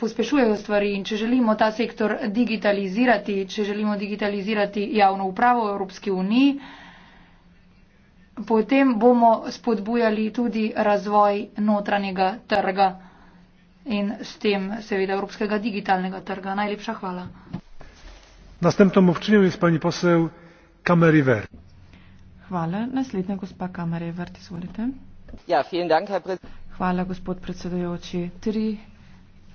S2: pospešujejo stvari in če želimo ta sektor digitalizirati, če želimo digitalizirati javno upravo v Evropski uniji, potem bomo spodbujali tudi razvoj notranjega trga in s tem seveda evropskega digitalnega trga. Najlepša hvala.
S3: Naslednjo mluvčinjo je gospod posel Kameri Ver. Hvala. Naslednja gospa Kameri Ver, izvolite. Ja, dank, hvala, gospod predsedujoči. Tri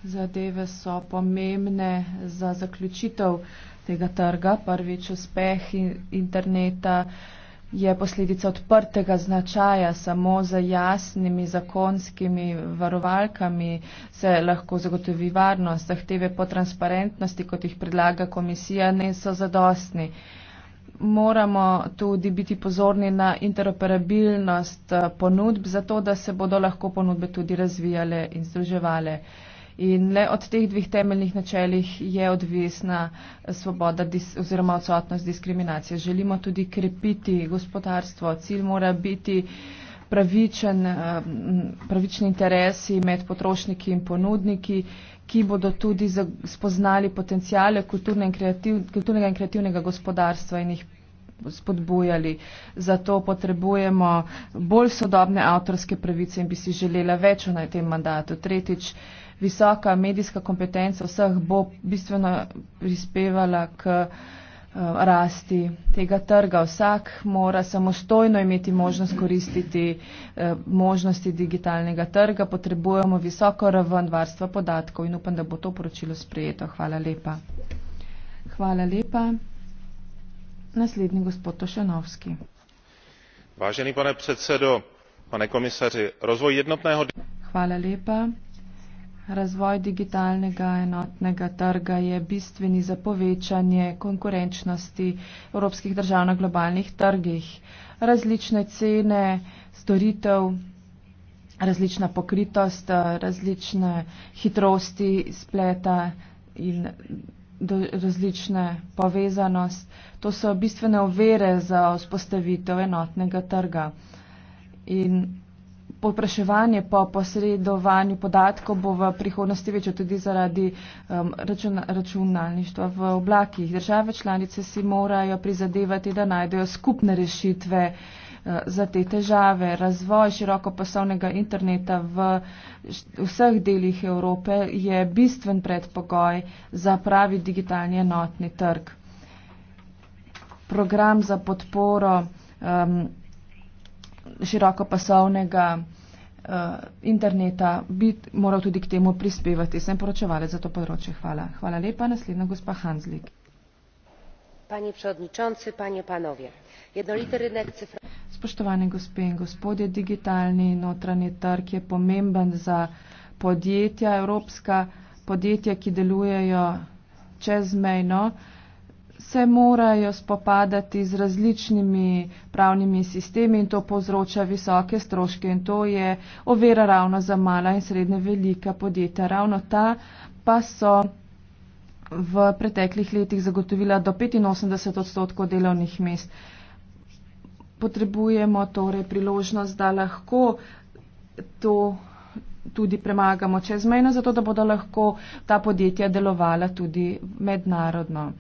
S3: zadeve so pomembne za zaključitev tega trga. Prvič uspeh interneta je posledica odprtega značaja, samo z jasnimi zakonskimi varovalkami se lahko zagotovi varnost. Zahteve po transparentnosti, kot jih predlaga komisija, niso zadostni. Moramo tudi biti pozorni na interoperabilnost ponudb, zato da se bodo lahko ponudbe tudi razvijale in združevale. In le od teh dveh temeljnih načeljih je odvisna svoboda dis, oziroma odsotnost diskriminacije. Želimo tudi krepiti gospodarstvo. Cilj mora biti pravičen, eh, pravični interesi med potrošniki in ponudniki, ki bodo tudi spoznali potencijale kulturne in kreativ, kulturnega in kreativnega gospodarstva in jih spodbujali. Zato potrebujemo bolj sodobne avtorske pravice in bi si želela več na tem mandatu. Tretjič, visoka medijska kompetenca vseh bo bistveno prispevala k eh, rasti tega trga. Vsak mora samostojno imeti možnost koristiti eh, možnosti digitalnega trga. Potrebujemo visoko raven varstva podatkov in upam, da bo to poročilo sprejeto. Hvala lepa. Hvala lepa. Naslednji gospod Tošenovski. Vážený pane predsedo, pane komisaři, rozvoj jednotného... Hvala lepa. Razvoj digitalnega enotnega trga je bistveni za povečanje konkurenčnosti evropskih držav na globalnih trgih. Različne cene storitev, različna pokritost, različne hitrosti spleta in različne povezanost, to so bistvene ovire za vzpostavitev enotnega trga. In Popraševanje po posredovanju podatkov bo v prihodnosti večjo tudi zaradi um, računa, računalništva v oblakih. Države članice si morajo prizadevati, da najdejo skupne rešitve uh, za te težave. Razvoj širokopasovnega interneta v vseh delih Evrope je bistven predpogoj za pravi digitalni enotni trg. Program za podporo um, širokopasovnega uh, interneta, bi moral tudi k temu prispevati. Sem poročevalec za to področje. Hvala. Hvala lepa. Naslednja gospa Hanzlik.
S2: Panie przewodniczący, panie panowie. Jednolity rynek cyfrowy.
S3: Spoštovane gospe in gospodje, digitalni notranji trg je pomemben za podjetja, evropska podjetja, ki delujejo čezmejno. Uh, se morajo spopadati z različnimi pravnimi sistemi in to povzroča visoke stroške in to je ovira ravno za mala in srednje velika podjetja. Ravno ta pa so v preteklih letih zagotovila do 85 odstotkov delovnih mest. Potrebujemo torej priložnost, da lahko to tudi premagamo čezmejno, zato da bodo lahko ta podjetja delovala tudi mednarodno.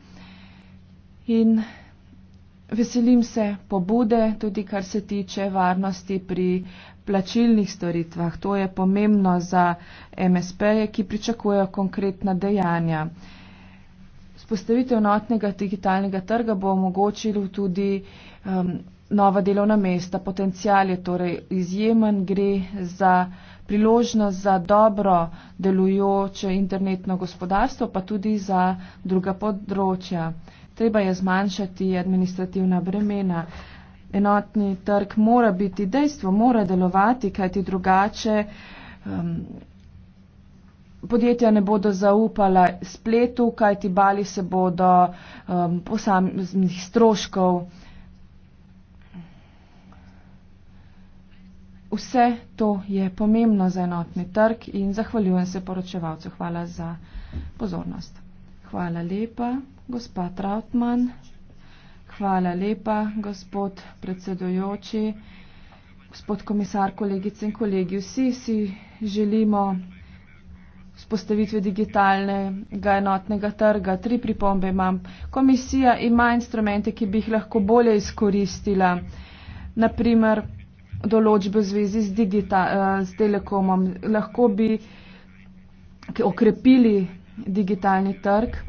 S3: In veselim se pobude, tudi kar se tiče varnosti pri plačilnih storitvah. To je pomembno za MSP-je, ki pričakujejo konkretna dejanja. Spostavitev notnega digitalnega trga bo omogočilo tudi um, nova delovna mesta. Potencijal je torej izjemen, gre za priložnost za dobro delujoče internetno gospodarstvo, pa tudi za druga področja treba je zmanjšati administrativna bremena. Enotni trg mora biti dejstvo, mora delovati, kajti drugače um, podjetja ne bodo zaupala spletu, kajti bali se bodo um, posameznih stroškov. Vse to je pomembno za enotni trg in zahvaljujem se poročevalcu. Hvala za pozornost. Hvala lepa. Gospa Trautmann. Hvala lepa, gospod predsedujoči, gospod komisar, kolegice in kolegi. Vsi si želimo spostavitve digitalnega enotnega trga. Tri pripombe imam. Komisija ima instrumente, ki bi jih lahko bolje izkoristila. Naprimer, določbe v zvezi z, digita, eh, z telekomom. Lahko bi okrepili digitalni trg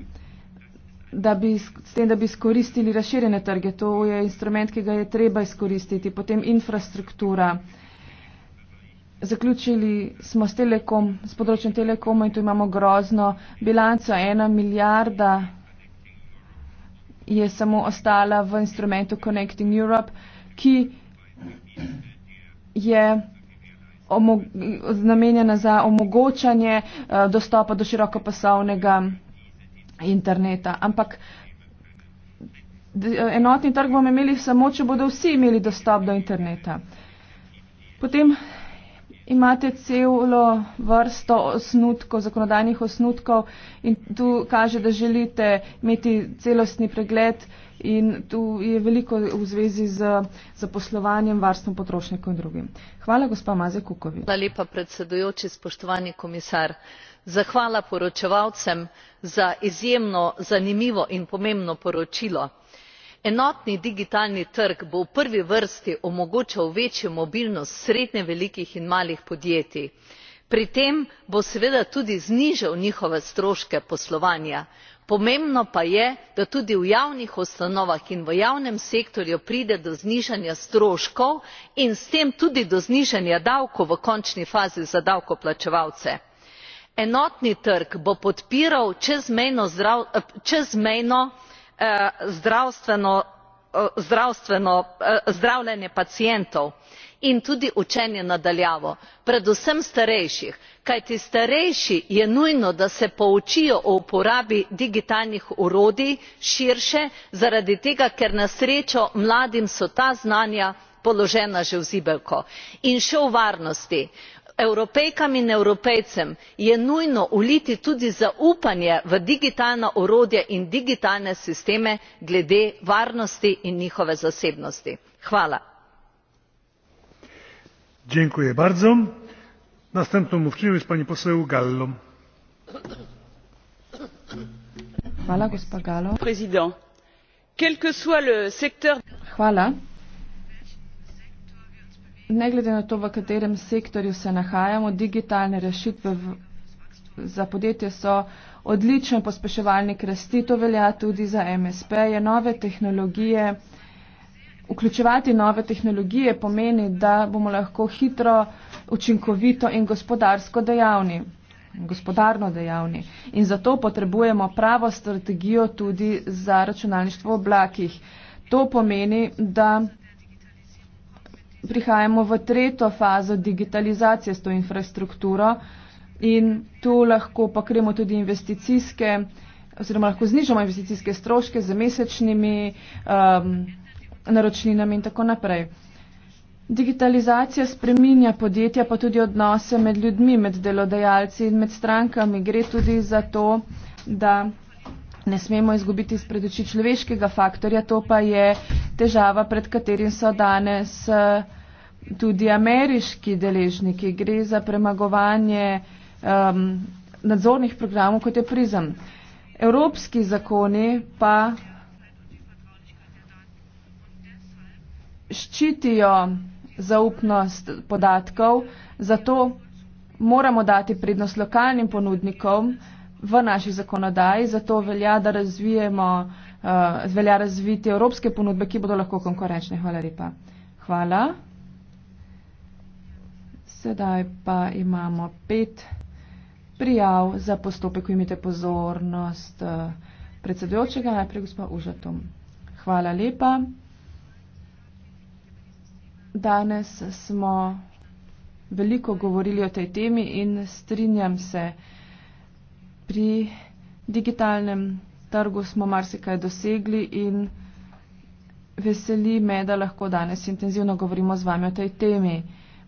S3: da bi s tem, da bi izkoristili razširjene trge. To je instrument, ki ga je treba izkoristiti. Potem infrastruktura. Zaključili smo s, telekom, s področjem telekoma in tu imamo grozno bilanco. Ena milijarda je samo ostala v instrumentu Connecting Europe, ki je namenjena za omogočanje uh, dostopa do širokopasovnega interneta. Ampak enotni trg bomo imeli samo, če bodo vsi imeli dostop do interneta. Potem imate celo vrsto osnutkov, zakonodajnih osnutkov in tu kaže, da želite imeti celostni pregled in tu je veliko v zvezi z zaposlovanjem, varstvom potrošnikov in drugim. Hvala, gospa Maze Kukovi.
S4: Hvala lepa, predsedujoči, spoštovani komisar zahvala poročevalcem za izjemno zanimivo in pomembno poročilo. enotni digitalni trg bo v prvi vrsti omogočal večjo mobilnost srednje velikih in malih podjetij pri tem bo seveda tudi znižal njihove stroške poslovanja pomembno pa je da tudi v javnih ustanovah in v javnem sektorju pride do znižanja stroškov in s tem tudi do znižanja davkov v končni fazi za davkoplačevalce enotni trg bo podpiral čezmejno eh, eh, eh, zdravljenje pacientov in tudi učenje na daljavo predvsem starejših kajti starejši je nujno da se poučijo o uporabi digitalnih orodij širše zaradi tega ker na srečo mladim so ta znanja položena že v zibelko. in še o varnosti evropejkam in evropejcem je nujno vliti tudi zaupanje v digitalna orodja in digitalne sisteme glede varnosti in njihove zasebnosti
S3: ne glede na to, v katerem sektorju se nahajamo, digitalne rešitve v, za podjetje so odlične pospeševalnik rasti, to velja tudi za MSP, je nove tehnologije. Vključevati nove tehnologije pomeni, da bomo lahko hitro, učinkovito in gospodarsko dejavni, gospodarno dejavni. In zato potrebujemo pravo strategijo tudi za računalništvo v oblakih. To pomeni, da prihajamo v tretjo fazo digitalizacije s to infrastrukturo in tu lahko pokrijemo tudi investicijske oziroma lahko znižamo investicijske stroške z mesečnimi um, naročninami in tako naprej. Digitalizacija spreminja podjetja, pa tudi odnose med ljudmi, med delodajalci in med strankami. Gre tudi za to, da ne smemo izgubiti spred oči človeškega faktorja, to pa je težava, pred katerim so danes eh, tudi ameriški deležniki. Gre za premagovanje um, nadzornih programov, kot je prizem. Evropski zakoni pa ščitijo zaupnost podatkov, zato moramo dati prednost lokalnim ponudnikom, v naši zakonodaji, zato velja, da razvijemo, uh, velja razviti evropske ponudbe, ki bodo lahko konkurenčne. Hvala lepa. Hvala. Sedaj pa imamo pet prijav za postopek, ko imite pozornost eh, predsedujočega, najprej gospod Užatom. Hvala lepa. Danes smo veliko govorili o tej temi in strinjam se, pri digitalnem trgu smo marsikaj dosegli in veseli me, da lahko danes intenzivno govorimo z vami o tej temi.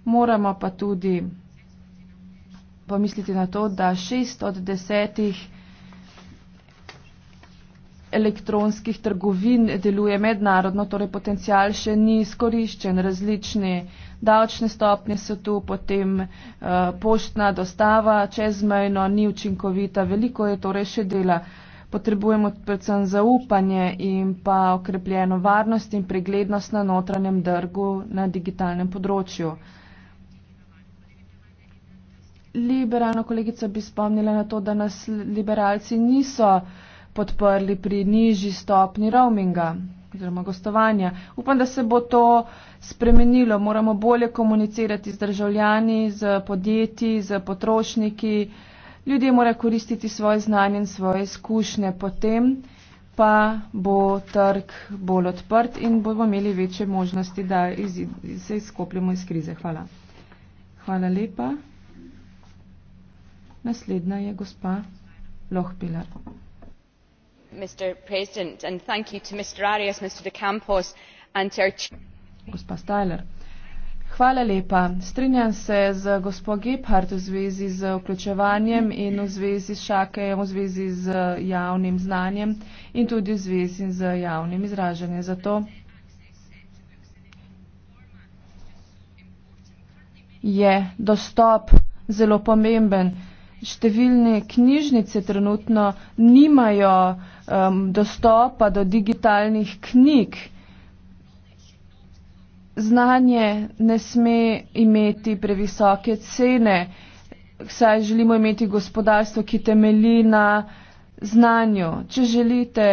S3: Moramo pa tudi pomisliti na to, da šest od desetih elektronskih trgovin deluje mednarodno, torej potencial še ni izkoriščen, različne davčne stopnje so tu, potem uh, poštna dostava čezmejno ni učinkovita, veliko je torej še dela. Potrebujemo predvsem zaupanje in pa okrepljeno varnost in preglednost na notranjem drgu na digitalnem področju. Liberalno kolegica bi spomnila na to, da nas liberalci niso podprli pri nižji stopni roaminga oziroma gostovanja. Upam, da se bo to spremenilo. Moramo bolje komunicirati z državljani, z podjetji, z potrošniki. Ljudje morajo koristiti svoje znanje in svoje izkušnje, potem pa bo trg bolj odprt in bomo imeli večje možnosti, da iz, se izkopljemo iz krize. Hvala. Hvala lepa. Naslednja je gospa Lohpilar
S4: mr president and thank you to mr arias mr de campos and to our
S3: gospa Steiner. Hvala lepa. Strinjam se z gospo Gebhardt v zvezi z vključevanjem in v zvezi s šakejem, v zvezi z javnim znanjem in tudi v zvezi z javnim izražanjem. Zato je dostop zelo pomemben številne knjižnice trenutno nimajo um, dostopa do digitalnih knjig. Znanje ne sme imeti previsoke cene, saj želimo imeti gospodarstvo, ki temelji na znanju. Če želite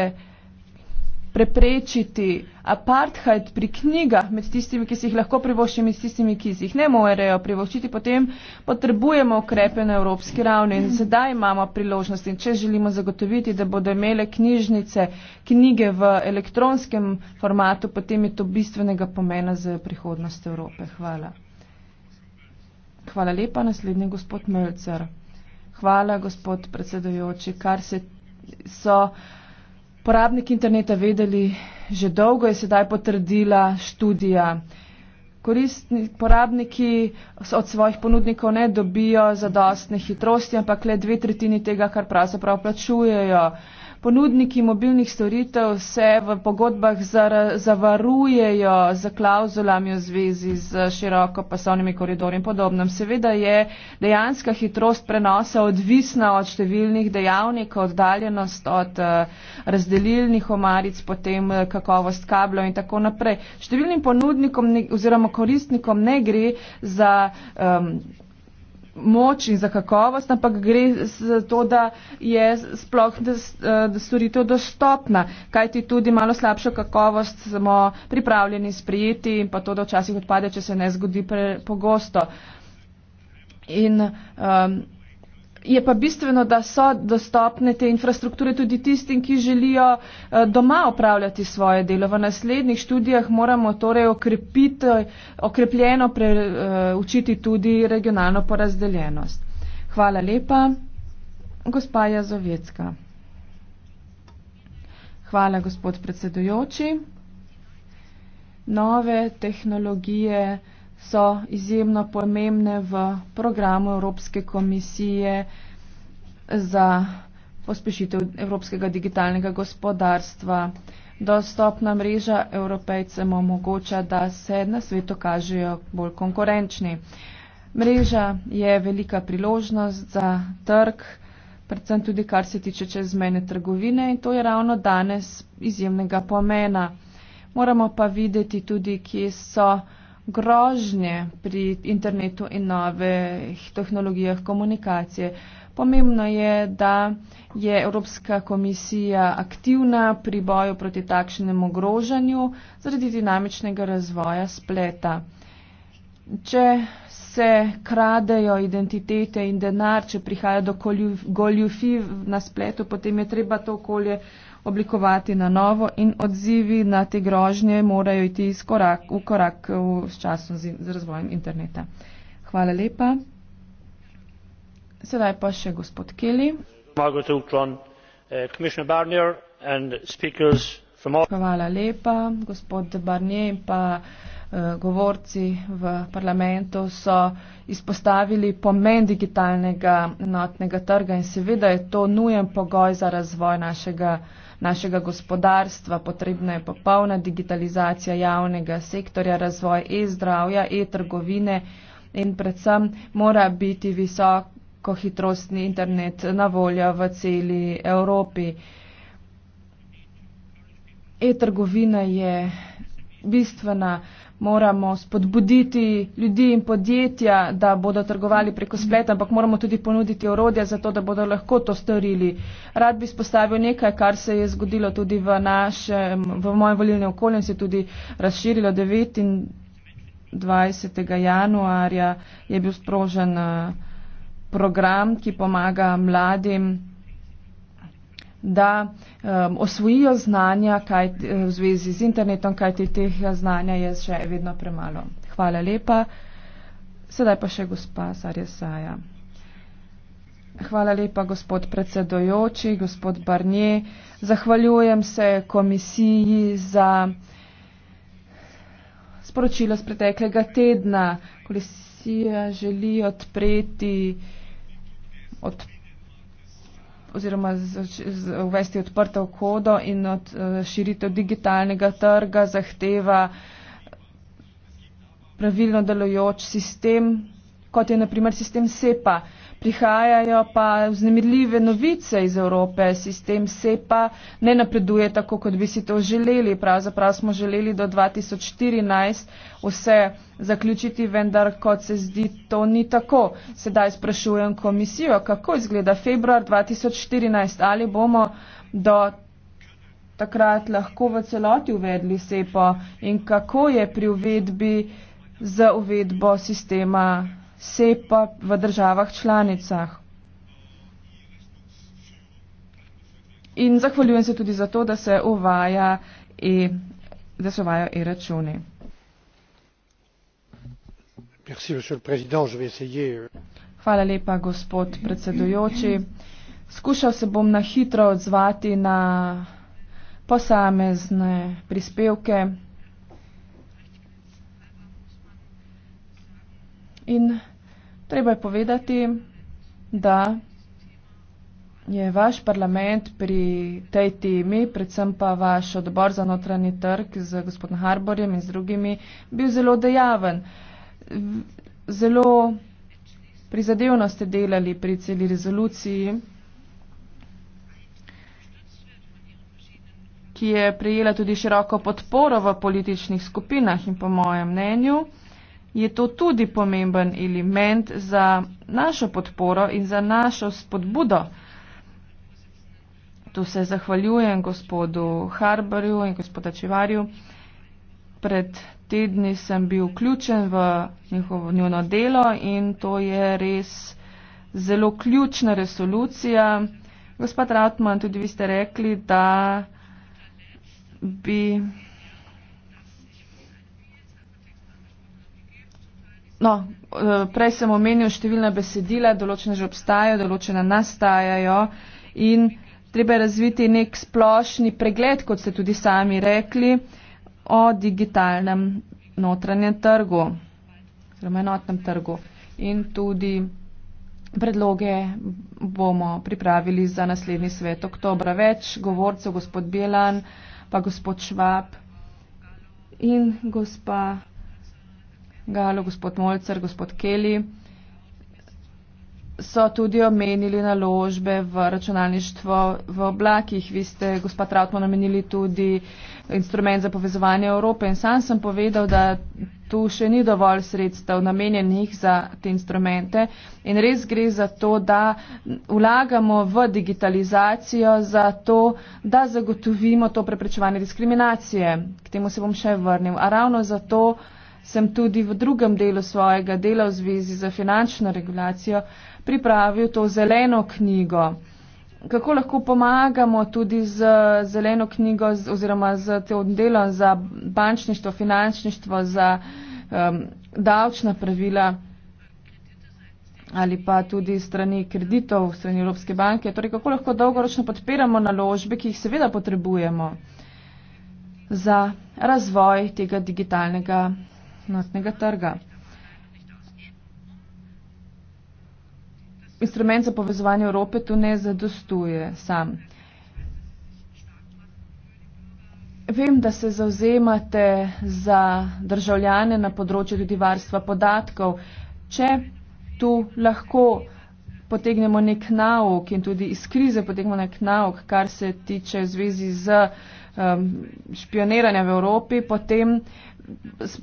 S3: preprečiti apartheid pri knjigah med tistimi, ki si jih lahko privoščim in tistimi, ki si jih ne morejo privoščiti, potem potrebujemo ukrepe na evropski ravni in sedaj imamo priložnost in če želimo zagotoviti, da bodo imele knjižnice knjige v elektronskem formatu, potem je to bistvenega pomena za prihodnost Evrope. Hvala. Hvala lepa, naslednji gospod Melcer. Hvala, gospod predsedujoči, kar se so uporabniki interneta vedeli, že dolgo je sedaj potrdila študija. Koristni uporabniki od svojih ponudnikov ne dobijo zadostne hitrosti, ampak le dve tretjini tega, kar pravzaprav plačujejo. Uh, ponudniki mobilnih storitev se v pogodbah zavarujejo za klauzulami v zvezi z široko pasovnimi koridori in podobnem. Seveda je dejanska hitrost prenosa odvisna od številnih dejavnikov, oddaljenost od eh, razdelilnih omaric, potem eh, kakovost kablov in tako naprej. Številnim ponudnikom oziroma koristnikom ne gre za um, moč in za kakovost, ampak gre za to, da je sploh eh, storitev dostopna, kajti tudi malo slabšo kakovost smo pripravljeni sprijeti in pa to, da včasih odpade, če se ne zgodi pogosto. In um, Je pa bistveno, da so dostopne te infrastrukture tudi tistim, ki želijo eh, doma opravljati svoje delo. V naslednjih študijah moramo torej okrepiti, okrepljeno preučiti eh, tudi regionalno porazdeljenost. Hvala lepa, gospa Jazovecka. Hvala, gospod predsedujoči. Nove tehnologije so izjemno pomembne v programu Evropske komisije za pospešitev evropskega digitalnega gospodarstva. Dostopna mreža evropejcem omogoča, da se na svetu kažejo bolj konkurenčni. Mreža je velika priložnost za trg, predvsem tudi kar se tiče čezmene trgovine in to je ravno danes izjemnega pomena. Moramo pa videti tudi, kje so grožnje pri internetu in novih tehnologijah komunikacije. Pomembno je, da je Evropska komisija aktivna pri boju proti takšnemu groženju zaradi dinamičnega razvoja spleta. Če se kradejo identitete in denar, če prihaja do goljufi na spletu, potem je treba to okolje oblikovati na novo in odzivi na te grožnje morajo iti korak, v korak v, s časom z, z razvojem interneta. Hvala lepa. Sedaj pa še gospod Kelly.
S4: Eh,
S3: Hvala lepa. Gospod Barnier in pa eh, govorci v parlamentu so izpostavili pomen digitalnega notnega trga in seveda je to nujen pogoj za razvoj našega našega gospodarstva, potrebna je popolna digitalizacija javnega sektorja, razvoj e-zdravja, e-trgovine in predvsem mora biti visoko hitrostni internet na voljo v celi Evropi. E-trgovina je bistvena moramo spodbuditi ljudi in podjetja, da bodo trgovali preko spleta, ampak moramo tudi ponuditi orodja za to, da bodo lahko to storili. Rad bi spostavil nekaj, kar se je zgodilo tudi v našem, v mojem volilnem okolju in se je tudi razširilo 29. januarja. Je bil sprožen eh, program, ki pomaga mladim da um, osvojijo znanja kaj, eh, v zvezi z internetom, kajti teh znanja je še vedno premalo. Hvala lepa. Sedaj pa še gospa Sarja Saja. Hvala lepa, gospod predsedojoči, gospod Barnje. Zahvaljujem se komisiji za sporočilo z preteklega tedna. Komisija želi odpreti, odpreti oziroma uvesti odprto kodo in od eh, širitev digitalnega trga zahteva pravilno delujoč sistem, kot je naprimer sistem SEPA prihajajo pa vznemirljive novice iz Evrope. Sistem SEPA ne napreduje tako, kot bi si to želeli. Pravzaprav smo želeli do 2014 vse zaključiti, vendar kot se zdi, to ni tako. Sedaj sprašujem komisijo, kako izgleda februar 2014, ali bomo do takrat lahko v celoti uvedli SEPO in kako je pri uvedbi za uvedbo sistema se pa v državah članicah. In zahvaljujem se tudi za to, da se uvaja e, da se uvajajo e-računi. Hvala lepa, gospod predsedujoči. Skušal se bom na hitro odzvati na posamezne prispevke. In Treba je povedati, da je vaš parlament pri tej temi, predvsem pa vaš odbor za notranji trg z gospodom Harborjem in z drugimi, bil zelo dejaven. Zelo prizadevno ste delali pri celi rezoluciji, ki je prijela tudi široko podporo v političnih skupinah in po mojem mnenju je to tudi pomemben element za našo podporo in za našo spodbudo. Tu se zahvaljujem gospodu Harbarju in gospoda Čivarju. Pred tedni sem bil vključen v njihovo njuno delo in to je res zelo ključna resolucija. Gospod Ratman, tudi vi ste rekli, da bi No, eh, prej sem omenil številne besedila, določene že obstajajo, določene nastajajo in treba je razviti nek splošni pregled, kot ste tudi sami rekli, o digitalnem notranjem trgu, zelo enotnem trgu. In tudi predloge bomo pripravili za naslednji svet oktobra. Več govorcev, gospod Bielan, pa gospod Švab in gospa. Galo, gospod Molcer, gospod Keli, so tudi omenili naložbe v računalništvo v oblakih. Vi ste, gospod Trautmo, namenili tudi instrument za povezovanje Evrope in sam sem povedal, da tu še ni dovolj sredstev namenjenih za te instrumente in res gre za to, da vlagamo v digitalizacijo za to, da zagotovimo to preprečevanje diskriminacije. K temu se bom še vrnil. A ravno zato, sem tudi v drugem delu svojega dela v zvezi za finančno regulacijo pripravil to zeleno knjigo. Kako lahko pomagamo tudi z zeleno knjigo oziroma z tem delom za bančništvo, finančništvo, za um, davčna pravila ali pa tudi strani kreditov, strani Evropske banke. Torej, kako lahko dolgoročno podpiramo naložbe, ki jih seveda potrebujemo za razvoj tega digitalnega notnega trga. Instrument za povezovanje Evrope tu ne zadostuje sam. Vem, da se zauzemate za državljane na področju tudi varstva podatkov. Če tu lahko potegnemo nek nauk in tudi iz krize potegnemo nek nauk, kar se tiče zvezi z um, špioniranjem v Evropi, potem uh,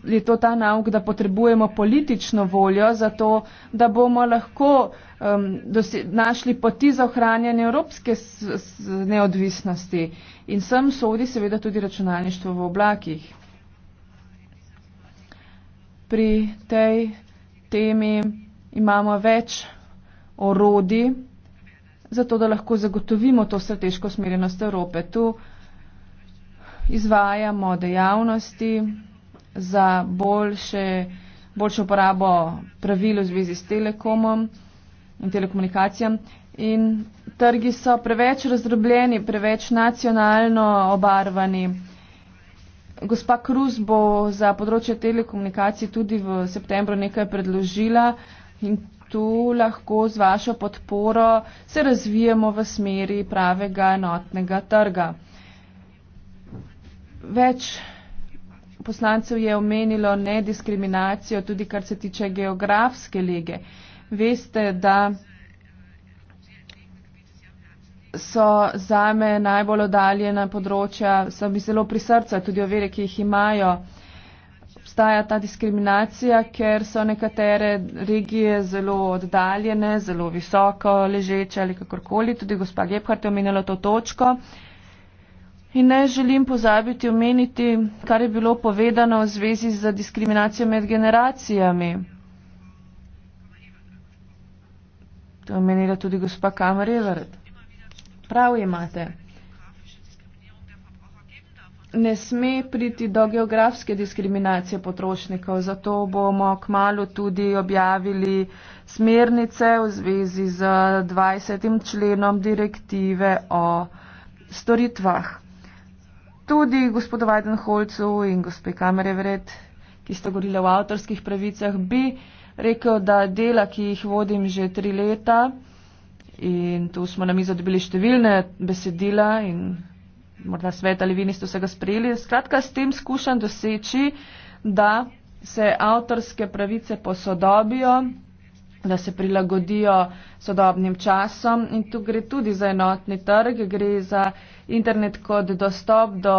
S3: je to ta nauk, da potrebujemo politično voljo za to, da bomo lahko um, našli poti za ohranjanje evropske neodvisnosti. In sem sodi seveda tudi računalništvo v oblakih. Pri tej temi imamo več orodi za to, da lahko zagotovimo to strateško smerjenost Evrope. Tu izvajamo dejavnosti, za boljše, boljšo uporabo pravil v zvezi s telekomom in telekomunikacijam. In trgi so preveč razdrobljeni, preveč nacionalno obarvani. Gospa Kruz bo za področje telekomunikacij tudi v septembru nekaj predložila in tu lahko z vašo podporo se razvijemo v smeri pravega enotnega trga. Več poslancev je omenilo nediskriminacijo, tudi kar se tiče geografske lege. Veste, da so zame najbolj odaljena področja, so mi zelo pri srca, tudi ovire, ki jih imajo. Obstaja ta diskriminacija, ker so nekatere regije zelo oddaljene, zelo visoko ležeče ali kakorkoli. Tudi gospa Gebhardt je omenila to točko. Uh, In ne želim pozabiti omeniti, kar je bilo povedano v zvezi z diskriminacijo med generacijami. To je omenila tudi gospa Kamarevard. Prav imate. Ne sme priti do geografske diskriminacije potrošnikov, zato bomo k malu tudi objavili smernice v zvezi z 20. členom direktive o storitvah tudi gospodu Weidenholcu in gospe Kamerevred, ki sta govorila o avtorskih pravicah, bi rekel, da dela, ki jih vodim že tri leta in tu smo na mizo dobili številne besedila in morda svet ali vi niste vsega sprejeli. Skratka, s tem skušam doseči, da se avtorske pravice posodobijo, da se prilagodijo sodobnim časom in tu gre tudi za enotni trg, gre za internet kot dostop do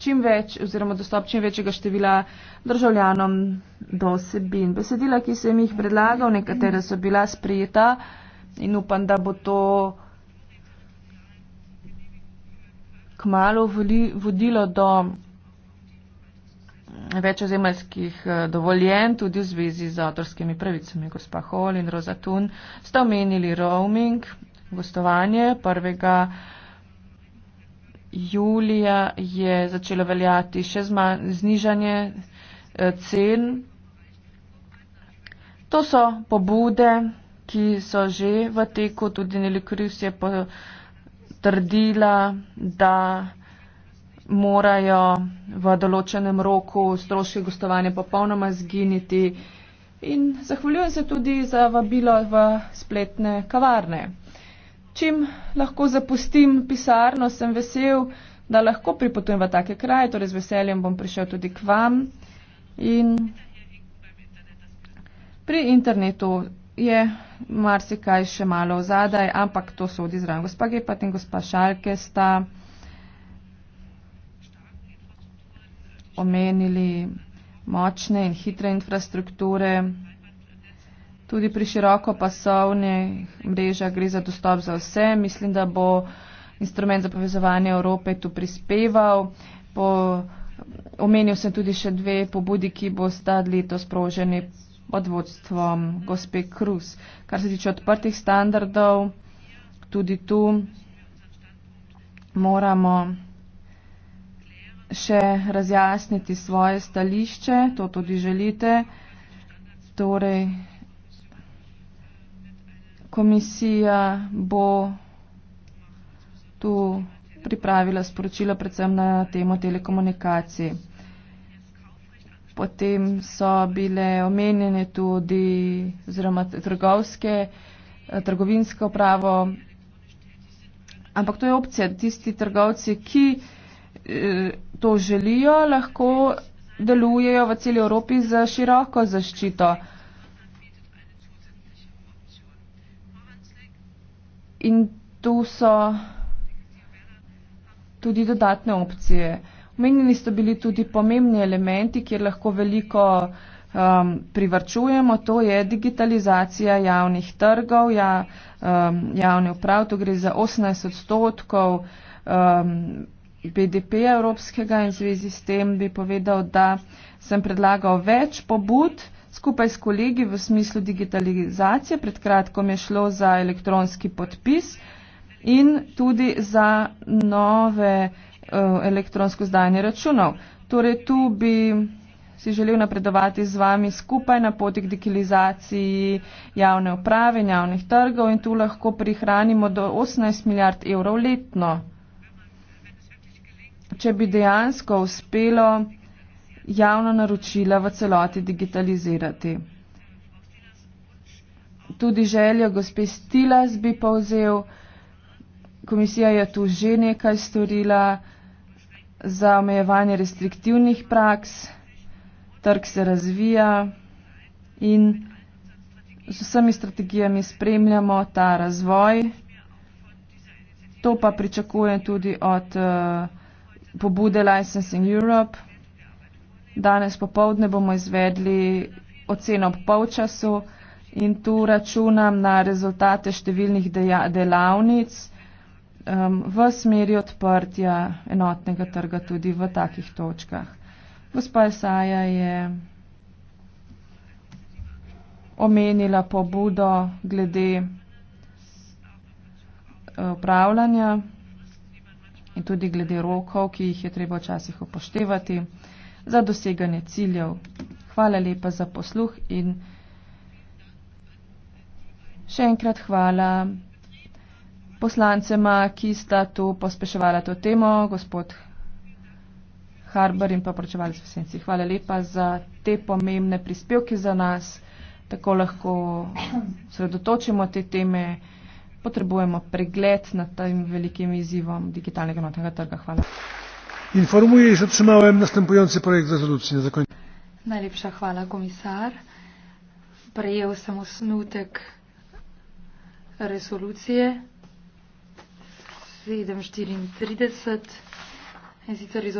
S3: čim več oziroma dostop čim večjega števila državljanom do osebin. Besedila, ki sem jih predlagal, nekatera so bila sprijeta in upam, da bo to kmalo vodilo do več ozemeljskih eh, dovoljen, tudi v zvezi z avtorskimi pravicami. Gospa Hol in Rozatun sta omenili roaming, gostovanje prvega julija je začelo veljati še znižanje eh, cen. To so pobude, ki so že v teku, tudi Nelikrius je potrdila, da morajo v določenem roku stroški gostovanja popolnoma zginiti. In zahvaljujem se tudi za vabilo v spletne kavarne čim lahko zapustim pisarno, sem vesel, da lahko pripotujem v take kraje, torej z veseljem bom prišel tudi k vam. In pri internetu je marsikaj še malo ozadaj, ampak to so odizran gospa Gepat in gospa Šalke sta omenili močne in hitre infrastrukture tudi pri širokopasovnih mrežah gre za dostop za vse. Mislim, da bo instrument za povezovanje Evrope tu prispeval. Po, omenil sem tudi še dve pobudi, ki bo sta leto sproženi pod vodstvom gospe Cruz. Kar se tiče odprtih standardov, tudi tu moramo še razjasniti svoje stališče, to tudi želite. Torej, komisija bo tu pripravila sporočilo predvsem na temo telekomunikacij. Potem so bile omenjene tudi oziroma trgovske, eh, trgovinsko pravo, ampak to je opcija. Tisti trgovci, ki eh, to želijo, lahko delujejo v celi Evropi za široko zaščito. in to so tudi dodatne opcije. Omenjeni so bili tudi pomembni elementi, kjer lahko veliko um, privrčujemo, to je digitalizacija javnih trgov, ja, um, javne uprave, to gre za 18 odstotkov um, BDP Evropskega in v zvezi s tem bi povedal, da sem predlagal več pobud skupaj s kolegi v smislu digitalizacije. Pred kratkom je šlo za elektronski podpis in tudi za nove eh, elektronsko zdanje računov. Torej, tu bi si želel napredovati z vami skupaj na poti k digitalizaciji javne uprave in javnih trgov in tu lahko prihranimo do 18 milijard evrov letno. Če bi dejansko uspelo javna naročila v celoti digitalizirati. Tudi željo gospe Stilas bi povzel, komisija je tu že nekaj storila za omejevanje restriktivnih praks, trg se razvija in z vsemi strategijami spremljamo ta razvoj. To pa pričakujem tudi od uh, pobude Licensing Europe. Danes popovdne bomo izvedli oceno ob polčasu in tu računam na rezultate številnih delavnic um, v smeri odprtja enotnega trga tudi v takih točkah. Gospa Saja je omenila pobudo glede eh, upravljanja in tudi glede rokov, ki jih je treba včasih upoštevati za doseganje ciljev. Hvala lepa za posluh in še enkrat hvala poslancema, ki sta to pospeševala to temo, gospod Harbor in pa pročevalec v senci. Hvala lepa za te pomembne prispevke za nas, tako lahko sredotočimo te teme, potrebujemo pregled nad tem velikim izzivom digitalnega notnega trga. Hvala informuję iż otrzymałem następujący projekt rezolucji na zakończenie
S2: najlepsza chwała komisar przyjął sam osnutek rezolucję 7.34 i sicer